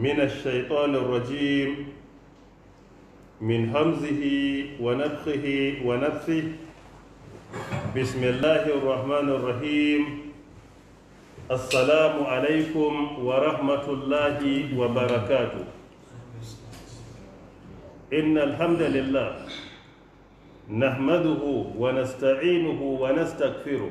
من الشيطان الرجيم من همزه ونفخه ونفثه بسم الله الرحمن الرحيم السلام عليكم ورحمة الله وبركاته إن الحمد لله نحمده ونستعينه ونستغفره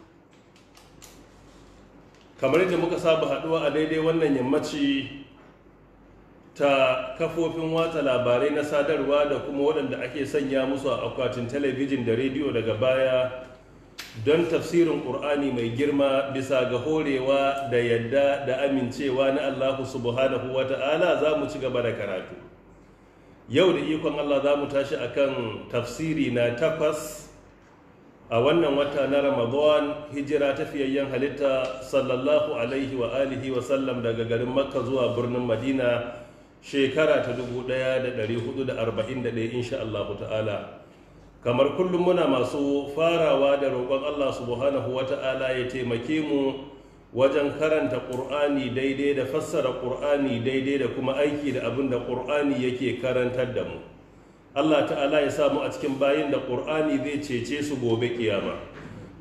kamar yadda muka saba haduwa a daidai wannan yammaci ta kafofin watsa labarai na sadarwa da kuma waɗanda ake sanya musu a akwatin talabijin da rediyo daga baya don tafsirin ƙur'ani mai girma bisa ga horewa da yadda da amincewa na allahu subhanahu wa ta'ala za mu ci gaba da karatu yau da ikon allah za mu tashi akan tafsiri na takwas a wannan wata na ramadan hijira ta fiyayyen halitta sallallahu alaihi wa alihi wa sallam daga garin makka zuwa birnin madina shekara ta dubu da arba'in 1441 insha Allah ta'ala kamar kullum muna masu farawa da roƙon Allah subhanahu wa ta'ala ya taimake mu wajen karanta ƙur'ani daidai da fassara ƙur'ani daidai da kuma aiki da abin da ƙur'ani yake karantar da mu Allah ta'ala ya samu a cikin bayin da ƙur'ani zai cece su gobe kiyama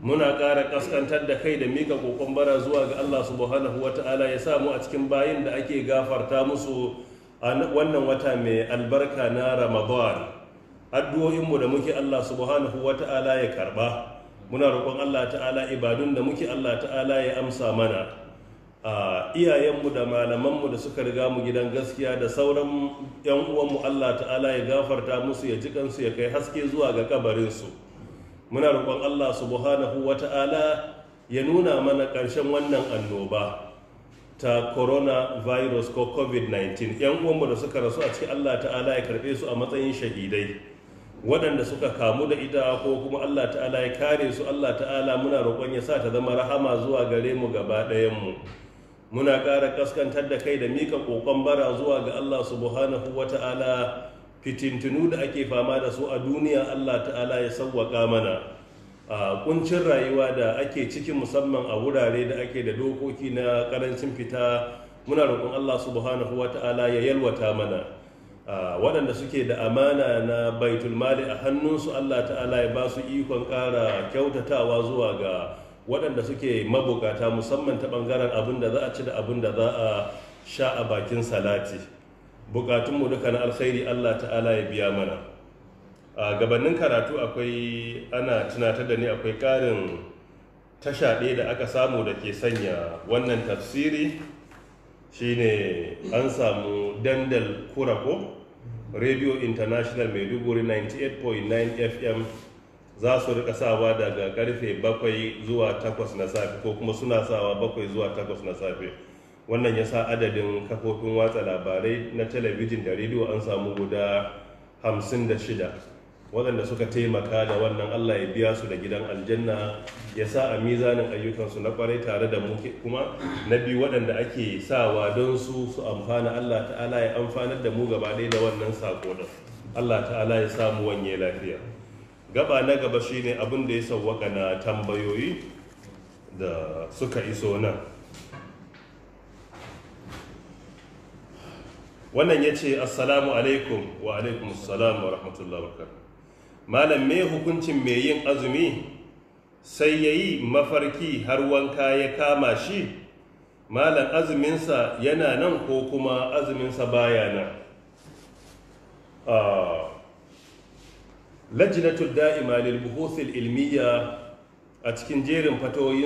muna ƙara ƙaskantar da kai da mika ƙoƙon bara zuwa ga Allah subhanahu wata'ala ya samu a cikin bayin da ake gafarta musu a wannan wata mai albarka na ramadan addu'o'inmu da muke Allah subhanahu wata'ala ya karba muna roƙon Allah ta'ala ibadun da muke Allah ta'ala ya amsa mana iyayenmu da malamanmu da suka riga mu gidan gaskiya da sauran 'yan uwanmu Allah ta'ala ya gafarta musu ya ji kansu ya kai haske zuwa ga kabarinsu muna roƙon Allah subhanahu wa ta'ala ya nuna mana ƙarshen wannan annoba ta corona virus ko covid-19 'yan uwanmu da suka rasu a cikin Allah ta'ala ya karɓe su a matsayin shahidai waɗanda suka kamu da ita ko kuma Allah ta'ala ya kare su Allah ta'ala muna roƙon ya sa ta zama rahama zuwa gare mu gaba ɗayan mu muna ƙara ƙaskantar da kai da mika ƙoƙon bara zuwa ga Allah subhanahu wa ta'ala fitintunu da ake fama da su a duniya Allah ta'ala ya sauwaƙa mana a ƙuncin rayuwa da ake cikin musamman a wurare da ake da dokoki na ƙarancin fita muna roƙon Allah subhanahu wa ta'ala ya yalwata mana waɗanda suke da amana na mali a hannunsu Allah ta'ala ya ba su ikon ƙara kyautatawa zuwa ga waɗanda suke mabukata musamman ta ɓangaren abin da za a ci da abin da za a sha a bakin salati bukatunmu duka na alkhairi allah ta'ala ya biya mana a gabanin karatu akwai ana tunatar da ni akwai ƙarin tasha ɗaya da aka samu da ke sanya wannan tafsiri shine an samu dandal kurako radio international maiduguri 98.9 fm za su rika sawa daga karfe bakwai zuwa takwas na safe ko kuma suna sawa bakwai zuwa takwas na safe wannan ya sa adadin kafofin watsa labarai na talabijin da rediyo an samu guda hamsin da shida waɗanda suka taimaka da wannan allah ya biya su da gidan aljanna ya sa a mizanin ayyukansu na kwarai tare da mu kuma na biyu waɗanda ake sawa don su su amfana allah ta'ala ya amfanar da mu gaba ɗaya da wannan sako allah ta'ala ya samu wanye lafiya gaba na gaba shine abin da ya sauwaka na tambayoyi da suka iso nan wannan ya ce assalamu alaikum wa alaikum assalamu wa rahmatullahi wa malam me hukuncin mai yin azumi sai ya yi mafarki har wanka ya kama shi malam azuminsa yana nan ko kuma azuminsa baya nan ah, lajinatul da'ima lil buhuthil ilmiya a cikin jerin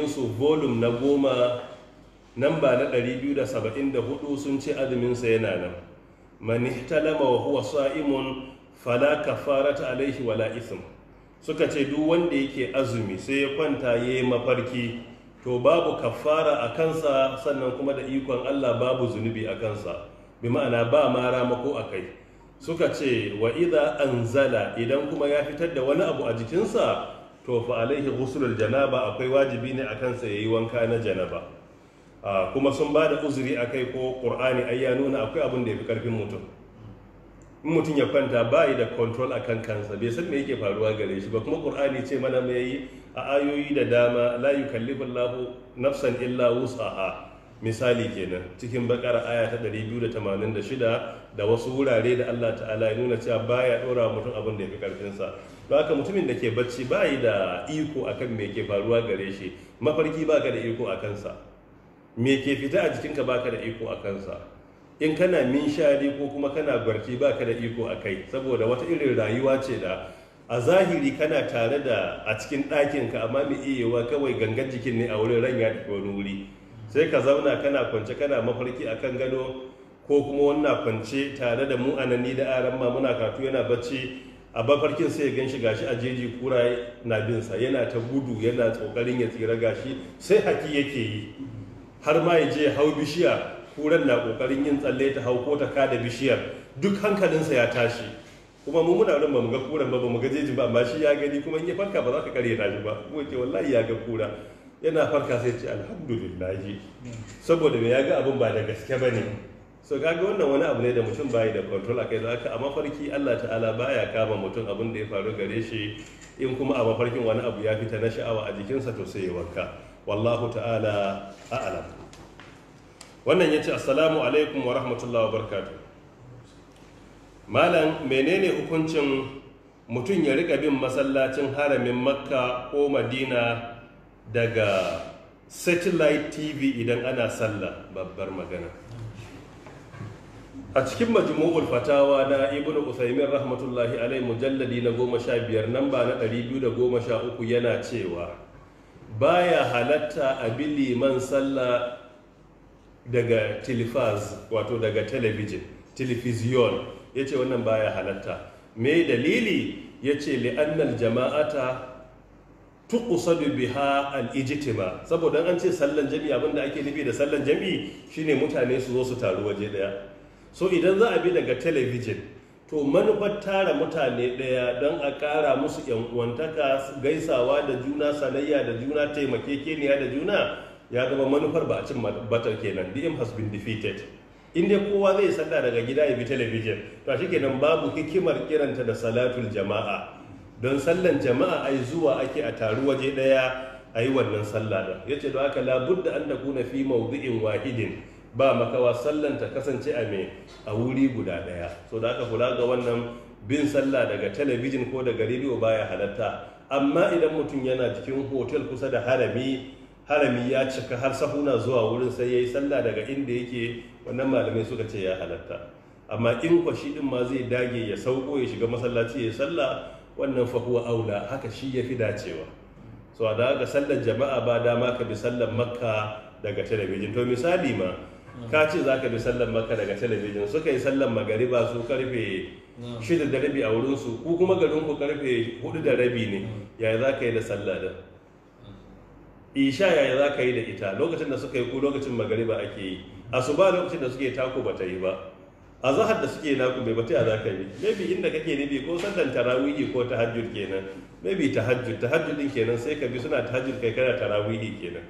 su volume na goma namba na 274 sun ce azuminsa yana nan man ihtalama wa huwa sa'imun fala kafarata alaihi wala ism suka ce duk wanda yake azumi sai ya kwanta yayi mafarki to babu kafara a kansa sannan kuma da ikon Allah babu zunubi a kansa bi ma'ana ba ma ramako a kai suka ce wa idha anzala idan kuma ya fitar da wani abu a jikinsa to fa alaihi ghuslul janaba akwai wajibi ne akan sa yayi wanka na janaba kuma sun ba da uzuri akai ko qur'ani ai ya nuna akwai abin da yafi karfin mutum in mutum ya kwanta ba da control akan kansa bai san me yake faruwa gare shi ba kuma qur'ani ce mana me yi a ayoyi da dama la yukallifullahu nafsan illa wus'aha misali kenan cikin bakara aya ta 286 da wasu wurare da Allah ta'ala ya nuna cewa baya dora mutum abin da ya fi karfinsa to haka mutumin da ke bacci bayi da iko akan me ke faruwa gare shi mafarki baka da iko a kansa me ke fita a jikinka ka da iko a kansa in kana minshari ko kuma kana barci baka da iko a kai saboda wata irin rayuwa ce da a zahiri kana tare da a cikin ɗakinka amma mai iyawa kawai gangan jikin ne a wurin ran ya tafi wuri sai ka zauna kana kwance kana mafarki a kan gado ko kuma wannan kwance tare da mu anani da aran ma muna katu yana bacci a bafarkin sai ya gan shi gashi a jeji kura na bin sa yana ta gudu yana tsokarin ya tsira gashi sai haki yake yi har ma ya je hau bishiya kuran na kokarin yin tsalle ta hau ko ta kada bishiyar duk hankalinsa ya tashi kuma mu muna ran mu ga kuran ba mu ga jeji ba amma shi ya gani kuma in ya farka ba za ka kare ta shi ba ko ke wallahi ya ga kura yana farka sai ce alhamdulillahi saboda mai ya ga abin ba da gaske ba ne so kaga wannan wani abu ne da mutum bayi da control a kai da haka a mafarki Allah ta'ala baya kama mutum abin da ya faru gare shi in kuma a mafarkin wani abu ya fita na sha'awa a jikinsa to sai ya wanka wallahu ta'ala a'lam wannan ce assalamu alaikum wa rahmatullahi wa barkatu malam menene hukuncin mutum ya rika bin masallacin haramin makka ko madina daga satellite tv idan ana sallah babbar magana a cikin majmu'ul fatawa na Ibn usaimin rahmatullahi alai mujalladi na goma sha biyar ba na ɗari biyu da goma sha uku yana cewa baya halatta a bi liman sallah daga telefaz wato daga telebijin telefiziyon ya ce wannan baya halatta me dalili ya ce li'annal jama'ata da biha Al'ijiti ba saboda an ce sallan jami abinda ake nufi da sallan Jami shine mutane su zo su taru waje daya so idan za a bi daga telebijin to manufar tara mutane daya don a kara musu yan gaisawa da juna sanayya da juna taimake keniya da juna ya zama manufar ba a cin batar kenan the has been defeated in dai kowa zai sanda daga gida ya bi telebijin to shikenan babu hikimar kiranta da salatul jama'a don sallan jama'a ai zuwa ake a taru waje daya a yi wannan sallah da ya ce da aka labudda an da kuna fi maudu'in wahidin ba makawa sallan ta kasance a mai a wuri guda daya so da aka kula ga wannan bin sallah daga talabijin ko daga rediyo baya halatta amma idan mutum yana cikin hotel kusa da harami harami ya cika har sahuna zuwa wurin sai ya yi sallah daga inda yake wannan malamai suka ce ya halatta amma in kwashi din ma zai dage ya sauko ya shiga masallaci ya yi sallah wannan fahuwa aula haka shi ya fi dacewa so da ga sallar jama'a ba dama ka bi sallar makka daga talabijin to misali ma ka ce za ka bi sallar makka daga talabijin suka yi sallar magariba su karfe shida da rabi a wurinsu ku kuma garin ku karfe hudu da rabi ne yaya za ka yi da sallar? da isha yaya za ka yi da ita lokacin da suka yi ku lokacin magariba ake yi asuba lokacin da suke tako ba ta yi ba a zahar da suke naku bai bata za ka yi maybe inda kake bi ko sallan tarawihi ko tahajjud kenan maybe tahajjud tahajjud din kenan sai ka bi suna tahajjud kai kana tarawihi kenan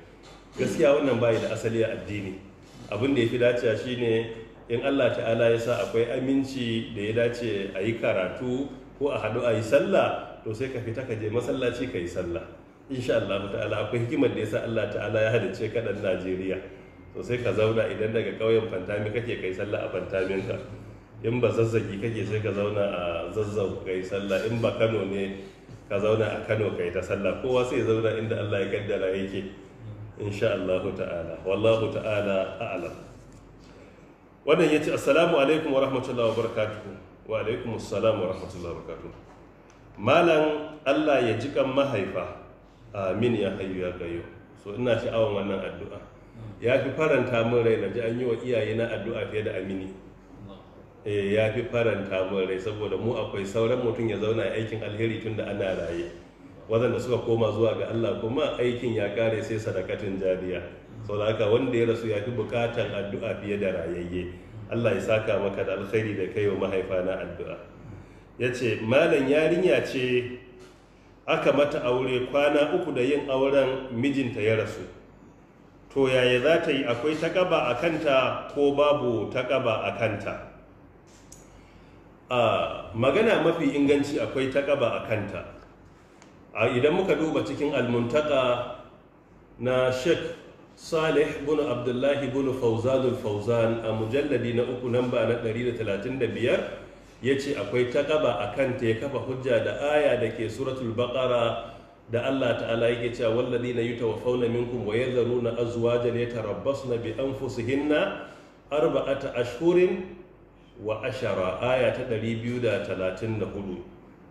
gaskiya wannan bai da asali a addini abin da yafi dacewa shine in Allah ta'ala ya sa akwai aminci da ya dace a yi karatu ko a haɗu a yi sallah to sai ka fita ka je masallaci ka yi sallah insha Allah ta'ala akwai hikimar da ya sa Allah ta'ala ya ka kaɗan Najeriya to sai ka zauna idan daga ƙauyen fantami kake kai sallah a fantamin ka in ba zazzagi kake sai ka zauna a zazzau kai sallah in ba kano ne ka zauna a kano kai ta sallah kowa sai zauna inda allah ya kaddara yake insha allahu ta'ala wallahu ta'ala a'lam wannan ya ce assalamu alaikum wa rahmatullahi wa barakatuhu wa alaikum assalam wa rahmatullahi wa barakatuhu malam allah ya jikan mahaifa amin ya hayyu ya gayo so ina sha'awan wannan addu'a ya fi faranta min rai na ji an yi wa iyaye na addu'a fiye da amini eh ya fi faranta min rai saboda mu akwai sauran mutum ya zauna aikin alheri tun da ana raye waɗanda suka koma zuwa ga Allah kuma aikin ya kare sai sadakatin jariya saboda haka wanda ya rasu ya fi bukatar addu'a fiye da rayayye Allah ya saka maka da alkhairi da kai wa mahaifa na addu'a yace ce malam yarinya ce aka mata aure kwana uku da yin auren mijinta ya rasu to yaya za ta yi akwai taƙaba a kanta ko babu taƙaba a kanta a magana mafi inganci akwai taƙaba a kanta a idan muka duba cikin almuntaka na sheikh salih bin abdullahi bin fauzanul fauzan a mujalladi na uku namba na 135 ya ce akwai taƙaba a kanta ya kafa hujja da aya da ke suratul baƙara da Allah ta'ala yake cewa walladina yutawaffawna minkum wa yadharuna azwajan yatarabbasna bi anfusihinna arba'ata ashhurin wa ashara aya ta 234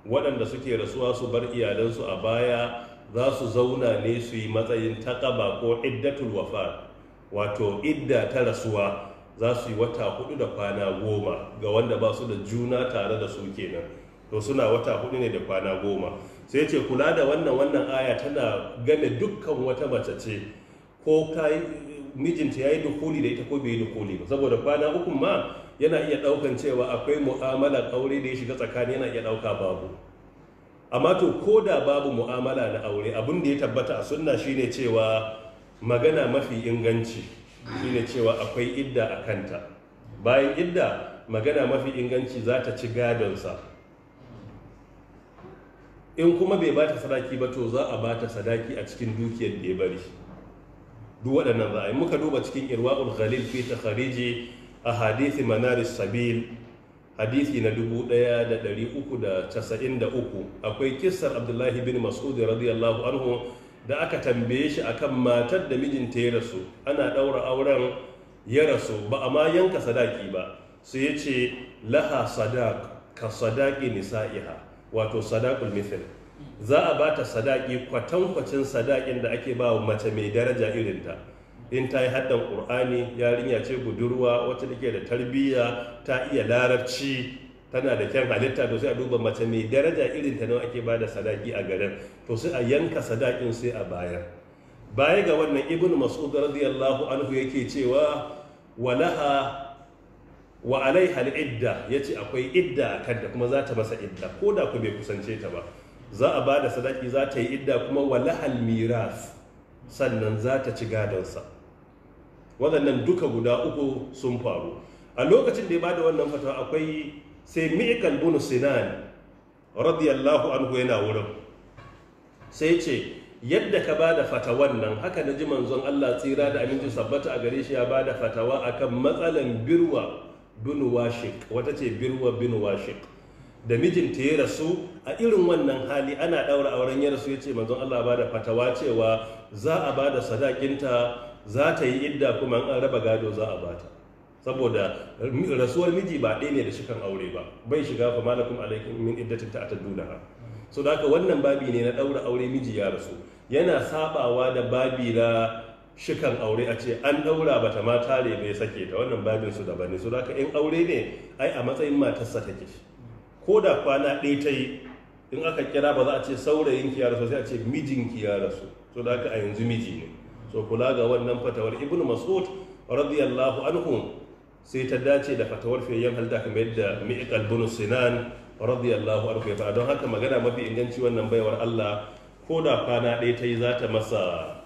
waɗanda suke rasuwa su bar iyalansu a baya za su zauna ne su yi matsayin taƙaba ko iddatul wafa wato idda ta rasuwa za su yi wata hudu da kwana goma ga wanda ba su da juna tare da su kenan to suna wata hudu ne da kwana goma sai ce kula da wannan wannan aya tana game dukkan wata mace ce ko kai mijinta yayi dukuli da ita ko bai yi dukuli ba saboda kwana uku ma yana iya daukan cewa akwai mu'amala aure da ya shiga tsakani yana iya dauka babu amma to ko da babu mu'amala na aure abin da ya tabbata a sunna shine cewa magana mafi inganci shine cewa akwai idda a kanta bayan idda magana mafi inganci za ta ci gadonsa in kuma bai bata sadaki ba to za a bata sadaki a cikin dukiyar da ya bari duk waɗannan za a yi muka duba cikin irwa'ul ghalil fi khariji a hadithi manaris sabil hadithi na dubu ɗaya da da da uku uku, akwai kisar abdullahi bin mas'ud radiyallahu anhu da aka tambaye shi akan matar da mijinta ya rasu ana ɗaura auren ya rasu ba a ma yanka sadaki ba sai ya ce laha sadaq ka sadaki nisa'iha wato sadakul mithil za a ba ta sadaki kwatankwacin sadakin da ake ba wa mace mai daraja irin ta. in ta yi haddan ƙur'ani yarinya ce budurwa wacce take da tarbiyya ta iya larabci tana da kyan halitta to sai a duba mace mai daraja irin ta nawa ake ba da sadaki a garin to sai a yanka sadakin sai a bayar baya ga wannan ibn mas'ud radiyallahu anhu yake cewa walaha wa hali idda ya ce akwai idda a kanta kuma za ta masa idda ko da ku bai kusance ta ba za a ba da sadaki za ta yi idda kuma wa lahal miras sannan za ta ci gadonsa waɗannan duka guda uku sun faru a lokacin da ya ba da wannan fatawa akwai sai mi'ikal bunu sinan radiyallahu anhu yana wurin sai ce yadda ka ba da fatawan nan haka na ji manzon Allah tsira da aminci sabbata a gare shi ya ba da fatawa akan matsalan birwa bin wata ce birwa bin washiq da mijinta ya rasu a irin wannan hali ana ɗaura auren ya rasu ya ce manzon Allah ba da fatawa cewa za a ba da sadakinta za ta yi idda kuma an raba gado za a bata saboda rasuwar miji ba ɗaya ne da shikan aure ba bai shiga fa malakum alaikum min iddatin ta ha so da haka wannan babi ne na ɗaura aure miji ya rasu yana sabawa da babi na shikan aure a ce an daura bata ma tare bai sake ta wannan babin su da ne su da in aure ne ai a matsayin matarsa take ko da kwana ɗaya ta yi in aka kira ba za a ce saurayin ki ya rasu sai a ce mijin ki ya rasu so da a yanzu miji ne so kula ga wannan fatawar ibn mas'ud radiyallahu anhu sai ta dace da fatawar fiyayyen halda kamar yadda mi'qal bin sinan radiyallahu anhu ya don haka magana mafi inganci wannan baiwar Allah ko da kwana ɗaya ta yi za ta masa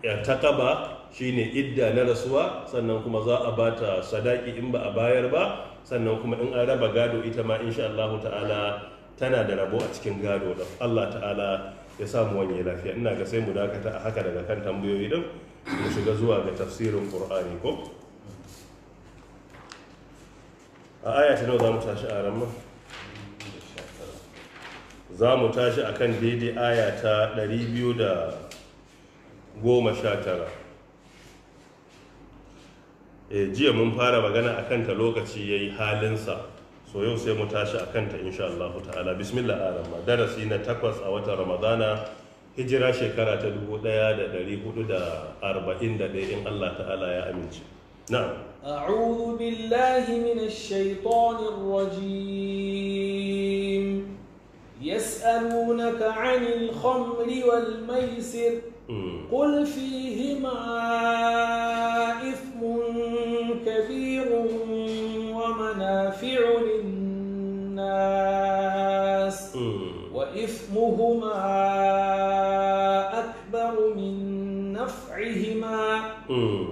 ya takaba shine idda na rasuwa sannan kuma za a bata sadaki in ba a bayar ba sannan kuma in an raba gado ita ma insha Allah ta'ala tana da rabo a cikin gado da Allah ta'ala ya samu wani lafiya ina ga sai mu dakata a haka daga kan tambayoyi din mu shiga zuwa ga tafsirin Qur'ani ko a aya ta nawa za mu tashi a ramma za mu tashi akan daidai aya ta 200 goma sha tara e jiya mun fara magana a kanta lokaci ya yi halinsa so yau sai mu tashi a kanta insha Allah ta'ala bismillah arama darasi na takwas a watan ramadana hijira shekara ta 1441 in Allah ta'ala ya amince na'am a'udhu billahi minash shaitanir rajim yas'alunaka 'anil khamri wal maisir قل فيهما إثم كبير ومنافع للناس وإثمهما أكبر من نفعهما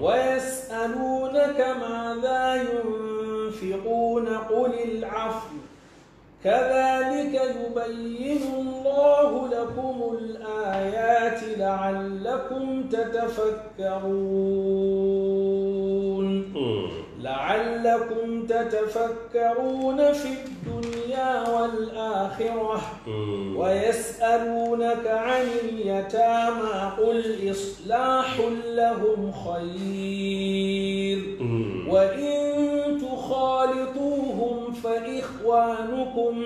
ويسألونك ماذا ينفقون قل العفو كذلك يبين الله لكم الآيات لعلكم تتفكرون لعلكم تتفكرون في الدنيا والآخرة ويسألونك عن اليتامى قل إصلاح لهم خير وإن تخالطوهم فإخوانكم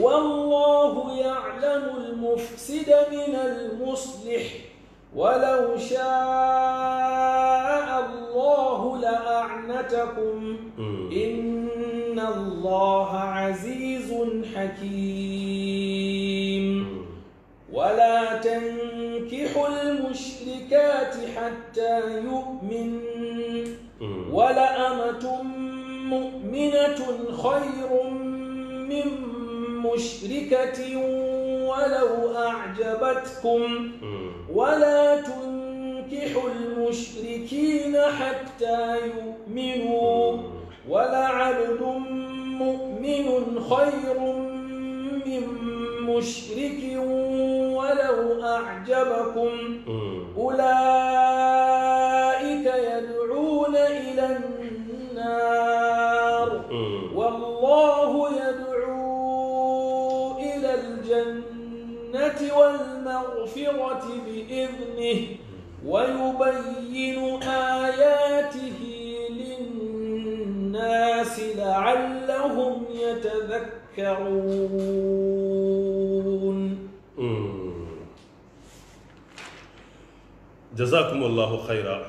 والله يعلم المفسد من المصلح ولو شاء الله لأعنتكم إن الله عزيز حكيم ولا تنكحوا المشركات حتى يؤمن ولأمة مؤمنة خير من مشركة ولو أعجبتكم ولا تنكحوا المشركين حتى يؤمنوا ولعبد مؤمن خير من مشرك ولو أعجبكم أولئك الجنة والمغفرة بإذنه ويبين آياته للناس لعلهم يتذكرون جزاكم الله خيرا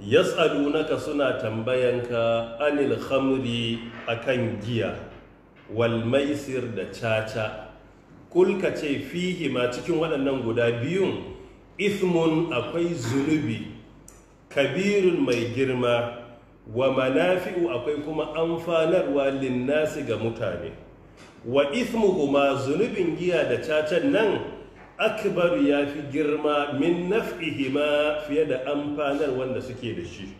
يسألونك سنة تنبينك عن الخمر أكن جيا والميسر دشاشا kulka ce fihi ma cikin waɗannan guda biyun ismun akwai zunubi kabirun mai girma wa manafi'u akwai kuma amfanarwa linnasi ga mutane wa ismu kuma zunubin giya da cacan nan akbaru ya fi girma min naf'ihima fiye da amfanar wanda suke da shi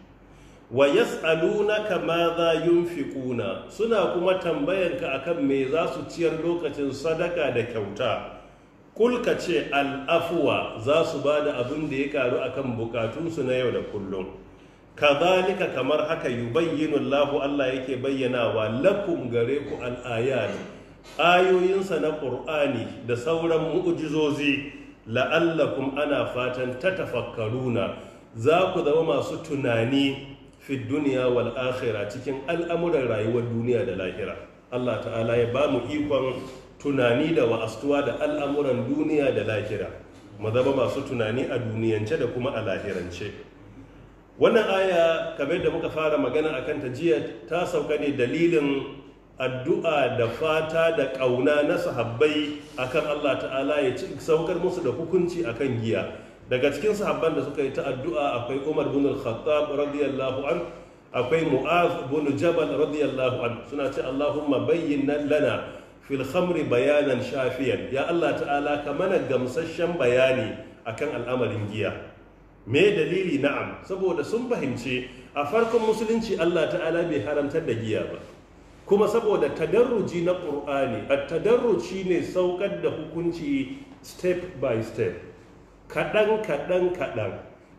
wa yas'alunaka madha yunfiquna suna kuma tambayanka akan me za su ciyar lokacin sadaka da kyauta kul ka ce al'afuwa za su ba da abin da ya karu akan bukatunsu na yau da kullum kazalika kamar haka yubayyinu Allahu Allah yake bayyanawa lakum gare ku al'ayat ayoyinsa na Qur'ani da sauran mu'ujizozi la'allakum ana fatan tatafakkaruna za ku zama masu tunani fi duniya wal akhira cikin al'amuran rayuwar duniya da lahira Allah ta'ala ya ba mu ikon tunani da wa'astuwa da al'amuran duniya da lahira mu zama masu tunani a duniyance da kuma a lahirance wannan aya kamar da muka fara magana akan ta jiya ta sauka ne dalilin addu'a da fata da ƙauna na sahabbai akan Allah ta'ala ya ci saukar musu da hukunci akan giya daga cikin sahabban da suka yi ta addu'a akwai Umar bin Al-Khattab radiyallahu an akwai Mu'az bin Jabal radiyallahu an suna ce Allahumma bayyin lana fil bayanan shafiyan ya Allah ta'ala ka mana gamsasshen bayani akan al'amarin giya me dalili na'am saboda sun fahimci a farkon musulunci Allah ta'ala bai haramtar da giya ba kuma saboda tadarruji na ƙur'ani a tadarruci ne saukar da hukunci step by step kaɗan kaɗan kaɗan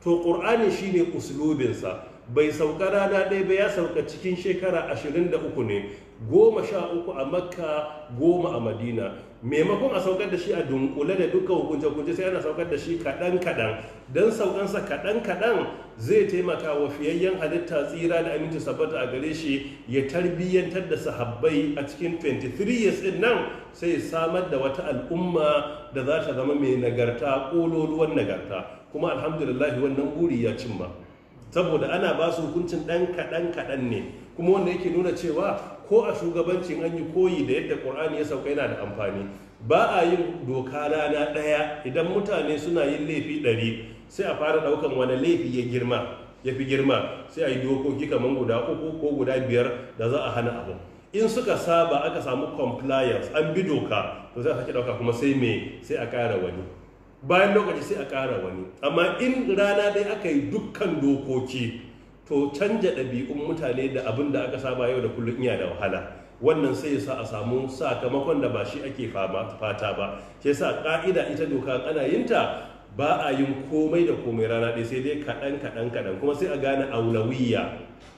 to ƙur'ani shine uslubinsa bai sauka rana ɗaya ba ya sauka cikin shekara 23 ne goma sha uku a makka goma a madina maimakon a saukar da shi a dunkule da duka hukunce hukunce sai ana saukar da shi kaɗan kaɗan don saukansa kaɗan kaɗan zai taimaka wa fiyayyen halitta tsira da aminci sabbata a gare shi ya tarbiyyantar da sahabbai a cikin 23 years din nan sai samar da wata al'umma da za ta zama mai nagarta kololuwan nagarta kuma alhamdulillah wannan buri ya cimma saboda ana ba su hukuncin ɗan kaɗan kaɗan ne kuma wanda yake nuna cewa ko a shugabancin an yi koyi da yadda ƙur'ani ya sauka yana da amfani ba a yin doka rana ɗaya idan mutane suna yin laifi ɗari sai a fara ɗaukan wani laifi ya girma ya fi girma sai a yi dokoki kamar guda uku ko guda biyar da za a hana abu in suka saba aka samu compliance an bi doka to a sake ɗauka kuma sai me sai a ƙara wani bayan lokaci sai a ƙara wani amma in rana dai aka yi dukkan dokoki to canja ɗabi'un mutane da abin da aka saba yau da kullum iya da wahala wannan sai sa a samu sakamakon da ba shi ake fata ba ke sa ƙa'ida ita doka ana yin ta ba a yin komai da komai rana ɗaya sai dai kaɗan kaɗan kaɗan kuma sai a gane aulawiya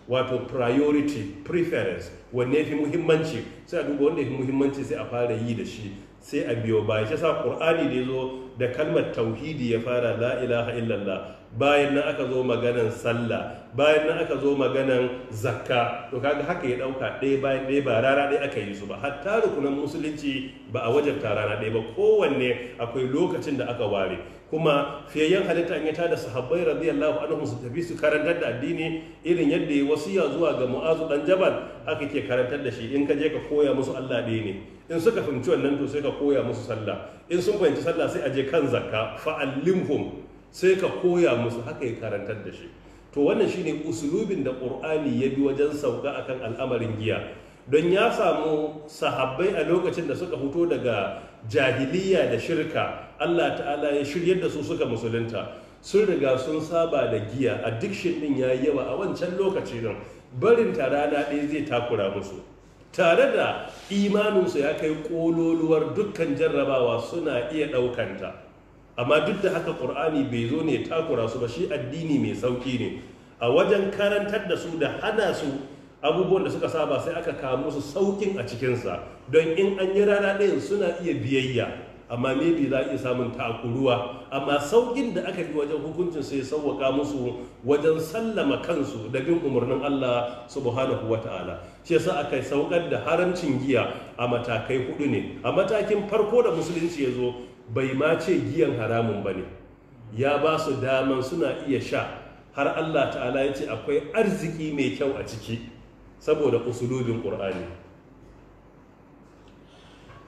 wato priority preference wanne fi muhimmanci sai a duba wanda fi muhimmanci sai a fara yi da shi sai a biyo ba shi sa qur'ani da zo da kalmar tauhidi ya fara la ilaha illallah bayan nan aka zo maganan sallah bayan nan aka zo maganan zakka to kaga haka ya dauka ɗaya bayan ɗaya ba rana ɗaya aka yi su ba hatta rukunan musulunci ba a wajen tarana ɗaya ba kowanne akwai lokacin da aka ware kuma fiyayyen halitta an yi ta da sahabbai radiyallahu anhu su tafi su karantar da addini irin yadda ya wasiya zuwa ga mu'azu dan jabal aka ke karantar da shi in ka je ka koya musu Allah ɗaya ne in suka fahimci wannan to sai ka koya musu sallah in sun fahimci sallah sai a je kan zakka fa'allimhum sai ka koya musu haka ya karantar da shi to wannan shine usulubin da qur'ani ya bi wajen sauka akan al'amarin giya don ya samu sahabbai a lokacin da suka fito daga jahiliya da shirka Allah ta'ala ya shiryar da su suka musulunta sun riga sun saba da giya addiction ya yi yawa a wancan lokaci din barin ta rana ɗaya zai takura musu tare da imaninsu ya kai ƙololuwar dukkan jarrabawa suna iya ɗaukanta amma duk da haka ƙur'ani bai zo ne takura su ba shi addini mai sauƙi ne a wajen karantar da su da hana su abubuwan da suka saba sai aka kawo su saukin a cikinsa don in an yi rana ɗayan suna iya biyayya amma maybe za a iya samun takuruwa amma saukin da aka fi wajen hukuncin sai sauwaka musu wajen sallama kansu da bin umarnin Allah subhanahu wa ta'ala shi yasa aka saukar da haramcin giya a matakai hudu ne a matakin farko da musulunci ya zo bai ma ce giyan haramun ba ne ya ba su daman suna iya sha har Allah ta'ala ya ce akwai arziki mai kyau a ciki saboda usulubin qur'ani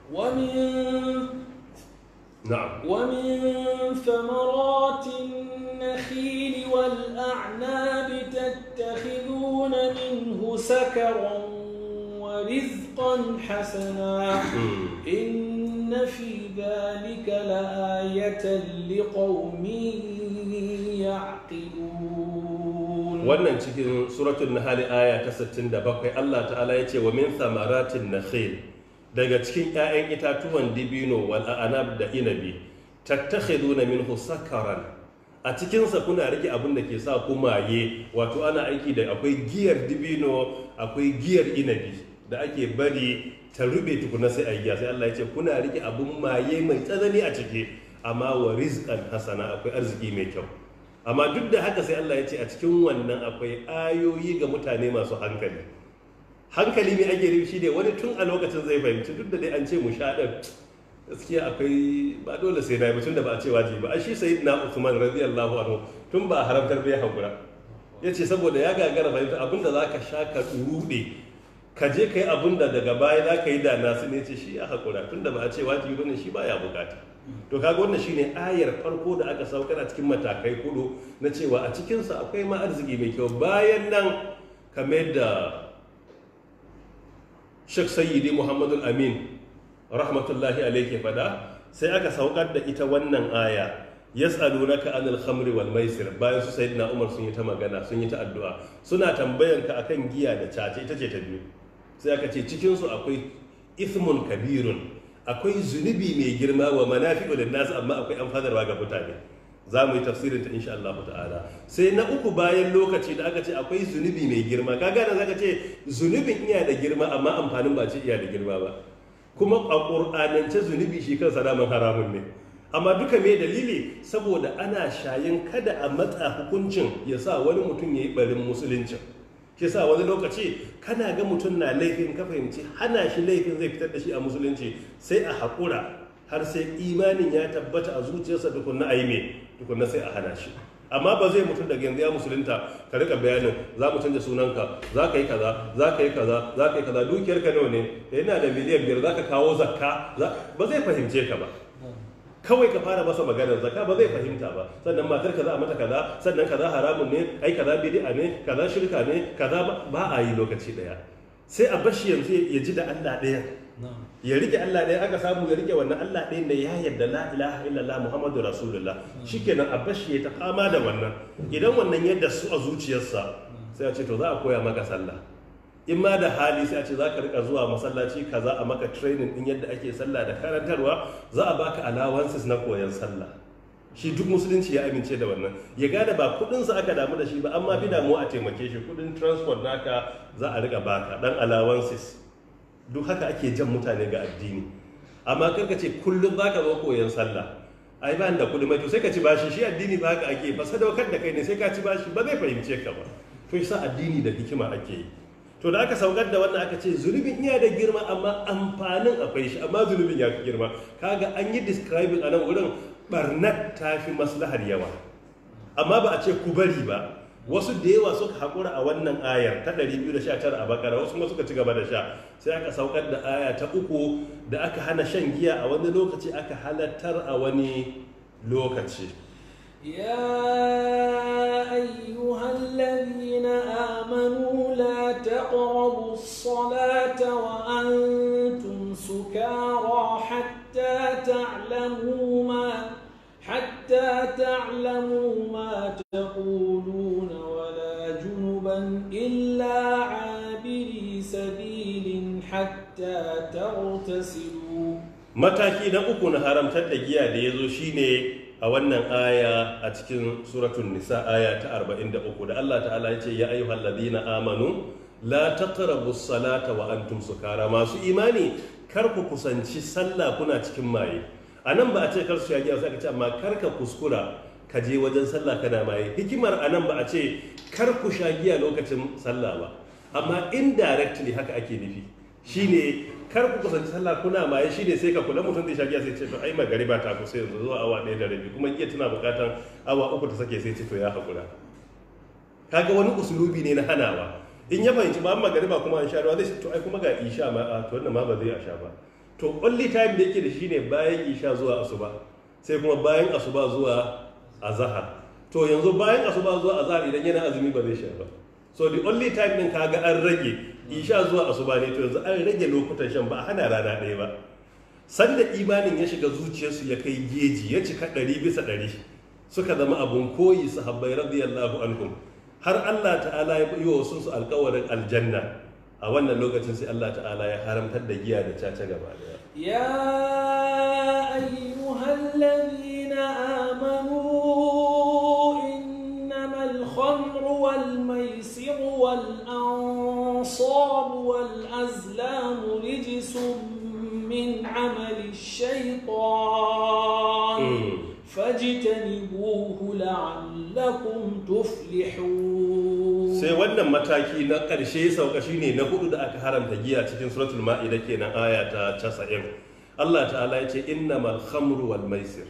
ومن نعم ومن ثمرات النخيل والأعناب تتخذون منه سكرا ورزقا حسنا إن في ذلك لآية لقوم يعقلون wannan cikin suratun na hali aya ta 67 Allah ta'ala ya ce wa min thamaratin nakhil daga cikin 'ya'yan itatuwan dibino wal anab da inabi tattakhiduna minhu sakaran a cikinsa kuna rike abin da ke sa ku maye wato ana aiki da akwai giyar dibino akwai giyar inabi da ake bari ta rube tukuna sai a giya sai Allah ya ce kuna rike abin maye mai tsanani a ciki amma wa rizqan hasana akwai arziki mai kyau amma duk da haka sai Allah ya ce a cikin wannan akwai ayoyi ga mutane masu hankali hankali ne ake nufi ne wani tun a lokacin zai fahimci duk da dai an ce mu shaɗar gaskiya akwai ba dole sai na yi tun da ba a ce wajibi ba a shi sai na Uthman radiyallahu anhu tun ba a haramtar bai hakura ya ce saboda ya gagara fahimta abinda za ka sha ka rude ka je ka yi abinda daga baya za ka yi da nasu ne ce shi ya haƙura tun da ba a ce wajibi ne shi ba ya buƙata. to kaga wannan shine ayar farko da aka saukar a cikin matakai hudu na cewa a cikinsa akwai ma arziki mai kyau bayan nan kamar da Sheikh Sayyidi Muhammadu Amin rahmatullahi alayhi fada sai aka saukar da ita wannan aya yas'alunaka anil khamri wal maisir bayan su sayyidina Umar sun yi ta magana sun yi ta addu'a suna ka akan giya da caca ita ce ta biyu sai aka ce cikin su akwai ismun kabirun akwai zunubi mai girma wa manafi'u nasu amma akwai amfanarwa ga mutane za mu yi tafsirin ta insha Allah ta'ala sai na uku bayan lokaci da aka ce akwai zunubi mai girma kaga da zaka ce zunubin iya da girma amma amfanin ba ce iya da girma ba kuma a qur'anance zunubi shi kansa da haramun ne amma duka me dalili saboda ana shayin kada a matsa hukuncin yasa wani mutum ya yi barin musuluncin shi sa wani lokaci kana ga mutum na laifin ka fahimci hana shi laifin zai fitar da shi a musulunci sai a haƙura har sai imanin ya tabbata a zuciyarsa tukunna a yi mai na sai a hana shi amma ba zai mutum daga yanzu ya musulunta ka rika bayanin za mu canza sunanka za ka yi kaza za ka yi kaza za ka yi kaza dukiyarka nawa ne yana eh, da miliyan biyar za ka kawo zakka ba zai fahimce ka ba kawai ka fara masa maganar zaka ba zai fahimta ba sannan matar kaza a mata kaza sannan kaza haramun ne ai kaza bid'a ne kaza shirka ne kaza ba a yi lokaci daya sai a bashi yanzu ya ji da Allah daya ya rike Allah ɗaya aka samu ya rike wannan Allah ɗaya ne ya yarda la ilaha illallah muhammadu rasulullah shikenan a bashi ya ta fama da wannan idan wannan yadda su a zuciyarsa sai a ce to za a koya maka sallah in ma da hali sai a ce za ka rika zuwa masallaci kaza a maka training din yadda ake sallah da karantarwa za a baka allowances na koyon sallah shi duk musulunci ya amince da wannan ya gada ba sa aka damu da shi ba amma fi damuwa a taimake shi kudin transport naka za a rika baka dan allowances duk haka ake jan mutane ga addini amma karka ce kullum baka zo koyon sallah ai ba da kudi mai to sai ka ci bashi shi addini ba haka ake ba sadaukar da kai ne sai ka ci bashi ba zai fahimce ka ba to yasa addini da hikima ake yi to da aka saukar da wannan aka ce zunubin iya da girma amma amfanin akwai shi amma zunubin ya fi girma kaga an yi describing a nan wurin barnat ta fi maslahar yawa amma ba a ce ku bari ba wasu da yawa suka haƙura a wannan ayar ta 219 a bakara wasu kuma suka ci gaba da sha sai aka saukar da aya ta uku da aka hana shan giya a wani lokaci aka halartar a wani lokaci يا أيها الذين آمنوا لا تقربوا الصلاة وأنتم سكارى حتى تعلموا ما حتى تعلموا ما تقولون ولا جنبا إلا عابري سبيل حتى تغتسلوا mataki na uku na haramtar da giya da ya zo shine a wannan aya a cikin suratun nisa aya ta 43 da Allah ta'ala ya ce ya ayyuhal ladina amanu la taqrabu salata wa antum sukara masu imani kar ku kusanci sallah kuna cikin maye a nan ba a ce kar su yaki sai ka ce amma kar ka kuskura ka je wajen sallah kana maye hikimar a nan ba a ce kar ku shagiya lokacin sallah ba amma indirectly haka ake nufi shine kar ku kusanci sallah kuna maye shine sai ka kula mutum zai sha giya sai ce to ai magariba ta kusa yanzu zuwa awa ɗaya da rabi kuma giya tana bukatan awa uku ta sake sai ce to ya hakura kaga wani usulubi ne na hanawa in ya fahimci ba magariba kuma an sha ruwa zai to ai kuma ga isha ma a to wannan ma ba zai a sha ba to only time da yake da shine bayan isha zuwa asuba sai kuma bayan asuba zuwa azahar to yanzu bayan asuba zuwa azahar idan yana azumi ba zai sha ba so the only time din kaga an rage isha zuwa asuba ne to yanzu an rage lokutan shan ba a hana rana ɗaya ba sanda imanin ya shiga zuciyarsu ya kai geji ya cika ɗari bisa ɗari suka zama abin koyi su habbai radiyallahu anhum har Allah ta'ala ya yi wa wasu su alƙawarin aljanna a wannan lokacin sai Allah ta'ala ya haramtar da giya da caca gaba ya ayyuhallazi la'allakum tuflihun sai wannan mataki na ƙarshe sauka ne na hudu da aka haramta giya cikin suratul ma'ida kenan aya ta 90 Allah ta'ala ya ce innamal khamru wal maisir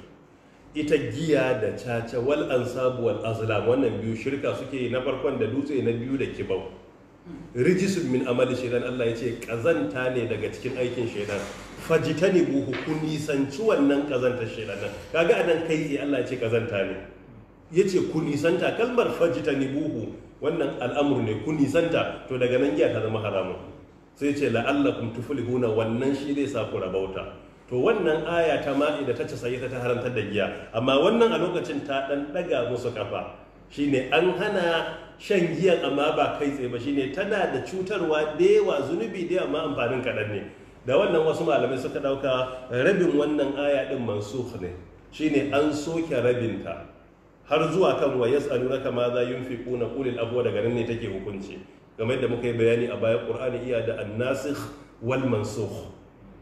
ita giya da caca wal ansabu wal azlam wannan biyu shirka suke na farkon da dutse na biyu da kibau rijisun min amali shaidan Allah ya ce kazanta ne daga cikin aikin shaidan fajitani buhu kun nisanci wannan kazantar shaidan nan kaga anan kai Allah ya ce kazanta ne ya ce ku nisanta kalmar fajita ni buhu wannan al'amur ne ku nisanta to daga nan giya ta zama haramu. sai ce la'allakum huna. wannan shi zai sa ku rabauta to wannan aya ta da ta ci ta ta harantar da giya amma wannan a lokacin ta ɗan ɗaga musu kafa shine an hana shan giyan amma ba kai tsaye ba shine tana da cutarwa da zunubi da amma amfanin kaɗan ne da wannan wasu malamai suka ɗauka rabin wannan aya ɗin mansukh ne shine an soke rabinta har zuwa kan wa yas'alunaka ma za yunfiquna kuna al abuwa daga nan ne take hukunci game da muka yi bayani a baya ƙur'ani iya da an-nasikh wal mansukh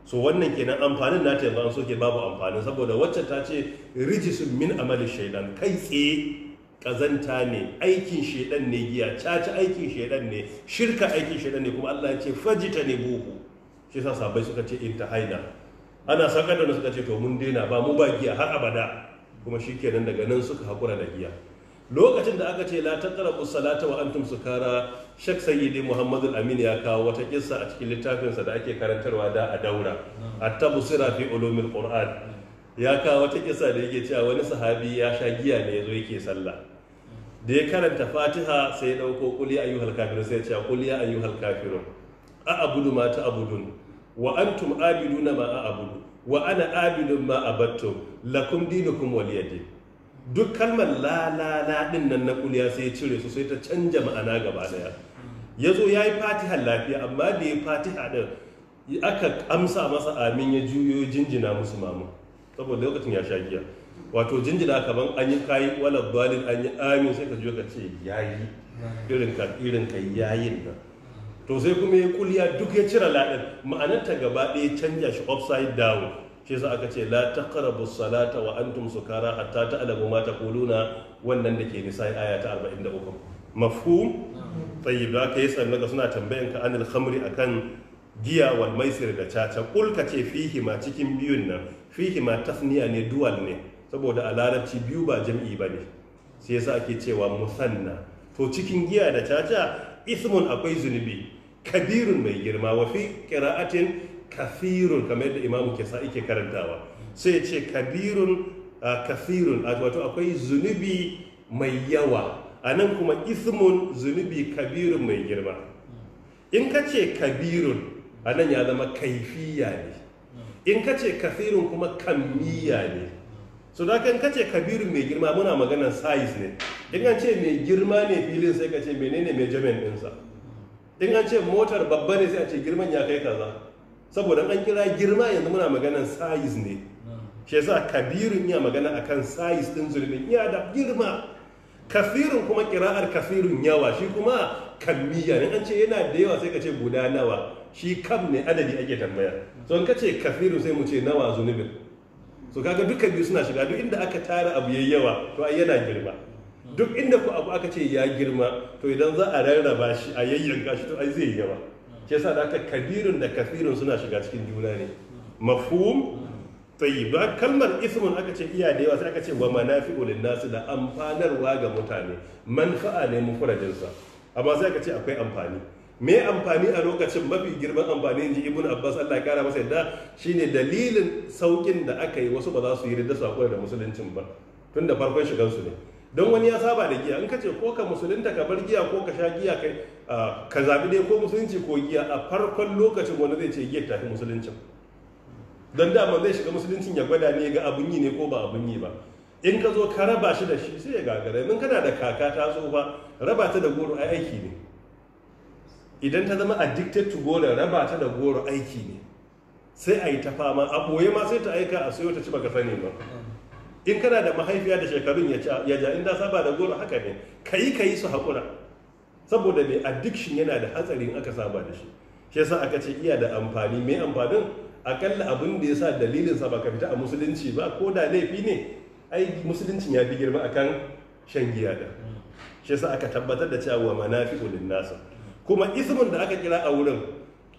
so wannan kenan amfanin na ta yanzu an soke babu amfanin saboda wacce ta ce rijisun min amalin shaidan kai tsaye kazanta ne aikin shaidan ne giya caci aikin shaidan ne shirka aikin shaidan ne kuma Allah ya ce fajita ne buhu shi sa sabai suka ce in ta haina. ana sakar da suka ce to mun daina ba mu ba giya har abada kuma shi kenan daga nan suka haƙura da giya lokacin da aka ce la taqrabu salata wa antum sukara shak sayyidi muhammadul amin ya kawo wata kissa a cikin littafinsa da ake karantarwa da a daura a tabsira fi ulumil qur'an ya kawo wata kissa da yake cewa wani sahabi ya sha giya ne yazo yake sallah da ya karanta fatiha sai ya dauko qul ya ayyuhal kafirun sai ya ce qul ya ayyuhal kafirun a abudu ma ta abudun wa antum abiduna ma a abudu wa ana abidun ma abattum lakum dinukum waliyadin duk kalmar la la la din nan na kuliya sai ya cire su sai ta canja ma'ana gaba daya ya zo ya yi lafiya amma da ya fatiha din aka amsa masa amin ya juyo jinjina musu mamu saboda lokacin ya sha giya wato jinjina kaman an yi kayi wala balin an yi amin sai ka juyo ka ce yayi irin ka irin ka yayin nan to sai kuma ya kuliya duk ya cire la'in ma'anar ta gaba ɗaya canja shi upside down shi yasa aka ce la taqrabu salata wa antum sukara hatta ta'lamu ma taquluna wannan da ke nisa aya ta 43 mafhum tayyib da ka yi sannan suna tambayan ka anil khamri akan giya wal maisir da caca kul ka ce fihi ma cikin biyun nan fihi ma tasniya ne dual ne saboda a larabci biyu ba jam'i ba ne sai yasa ake cewa musanna to cikin giya da caca ismun akwai zunubi kabirun mai girma wa fi qira'atin kafirun kamar yadda imamu ke sa ike karantawa sai ya ce kabirun kafirun wato akwai zunubi mai yawa a nan kuma ismun zunubi kabirun mai girma in ka ce kabirun a nan ya zama kaifiya ne in ka ce kafirun kuma kammiya ne so da kan ka ce kabirun mai girma muna maganar size ne in ka ce mai girma ne filin sai ka ce menene mai jamin ɗinsa in ka ce motar babba ne sai a ce girman ya kai kaza saboda an kira girma yanzu muna maganan sayis ne hmm. shi yasa kabirun ya magana akan sayis din zulubin ya da girma kafirun kuma kira'ar kafirun yawa shi kuma kammiya ne an ce yana da yawa sai ka ce guda nawa shi kam ne adadi ake tambaya so in ka ce kafirun sai mu ce nawa zunubin so kaga duka biyu suna shiga duk inda aka tara abu yayi yawa to ai yana girma hmm. duk inda ku abu aka ce ya girma to idan za a rarraba shi a yayyanka shi to ai zai yawa ke sa da aka kabirun da kafirin suna shiga cikin juna ne mafhum tayyib ba kalmar ismun aka ce iya da yawa sai aka ce wa manafi'u lin nasu da amfanarwa ga mutane manfa'a ne mufradin sa amma sai aka ce akwai amfani me amfani a lokacin mafi girman amfani ji ibn abbas Allah ya kara masa yadda shine dalilin saukin da aka yi wasu ba za su yi ridda su da musuluncin ba tun da farkon shigansu ne don wani ya saba da giya in ka ce ko ka musulunta ka bar giya ko ka sha giya kai ka zaɓi dai ko musulunci ko giya a farkon lokacin wani zai ce giya tafi musuluncin don dama zai shiga musuluncin ya gwada ne ga abun yi ne ko ba abun yi ba in ka zo ka raba shi da shi sai ya gagara in kana da kaka ta tsufa raba ta da goro aiki ne idan ta zama addicted to goro raba ta da goro aiki ne sai a yi ta fama a ɓoye ma sai ta aika a sayo ta ci baka sani ba in kana da mahaifiya da shekarun ya ja inda saba da goro haka ne ka yi ka yi su haƙura saboda mai addiction yana da hatsarin aka saba da shi shi yasa aka ce iya da amfani mai amfanin akalla abin da sa dalilin sa baka fita a musulunci ba ko da laifi ne ai musuluncin ya fi girma akan shan giya da shi yasa aka tabbatar da cewa manafi'u linnas kuma ismun da aka kira a wurin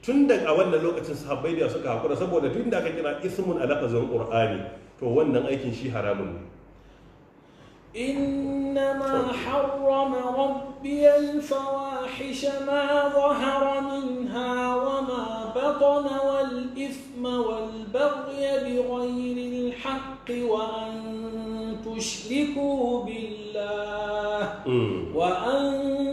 tun da a wannan lokacin sahabbai da suka haƙura saboda tun da aka kira ismun a lafazin qur'ani to wannan aikin shi haramun ne إنما حرم ربي الفواحش ما ظهر منها وما بطن والإثم والبغي بغير الحق وأن تشركوا بالله وأن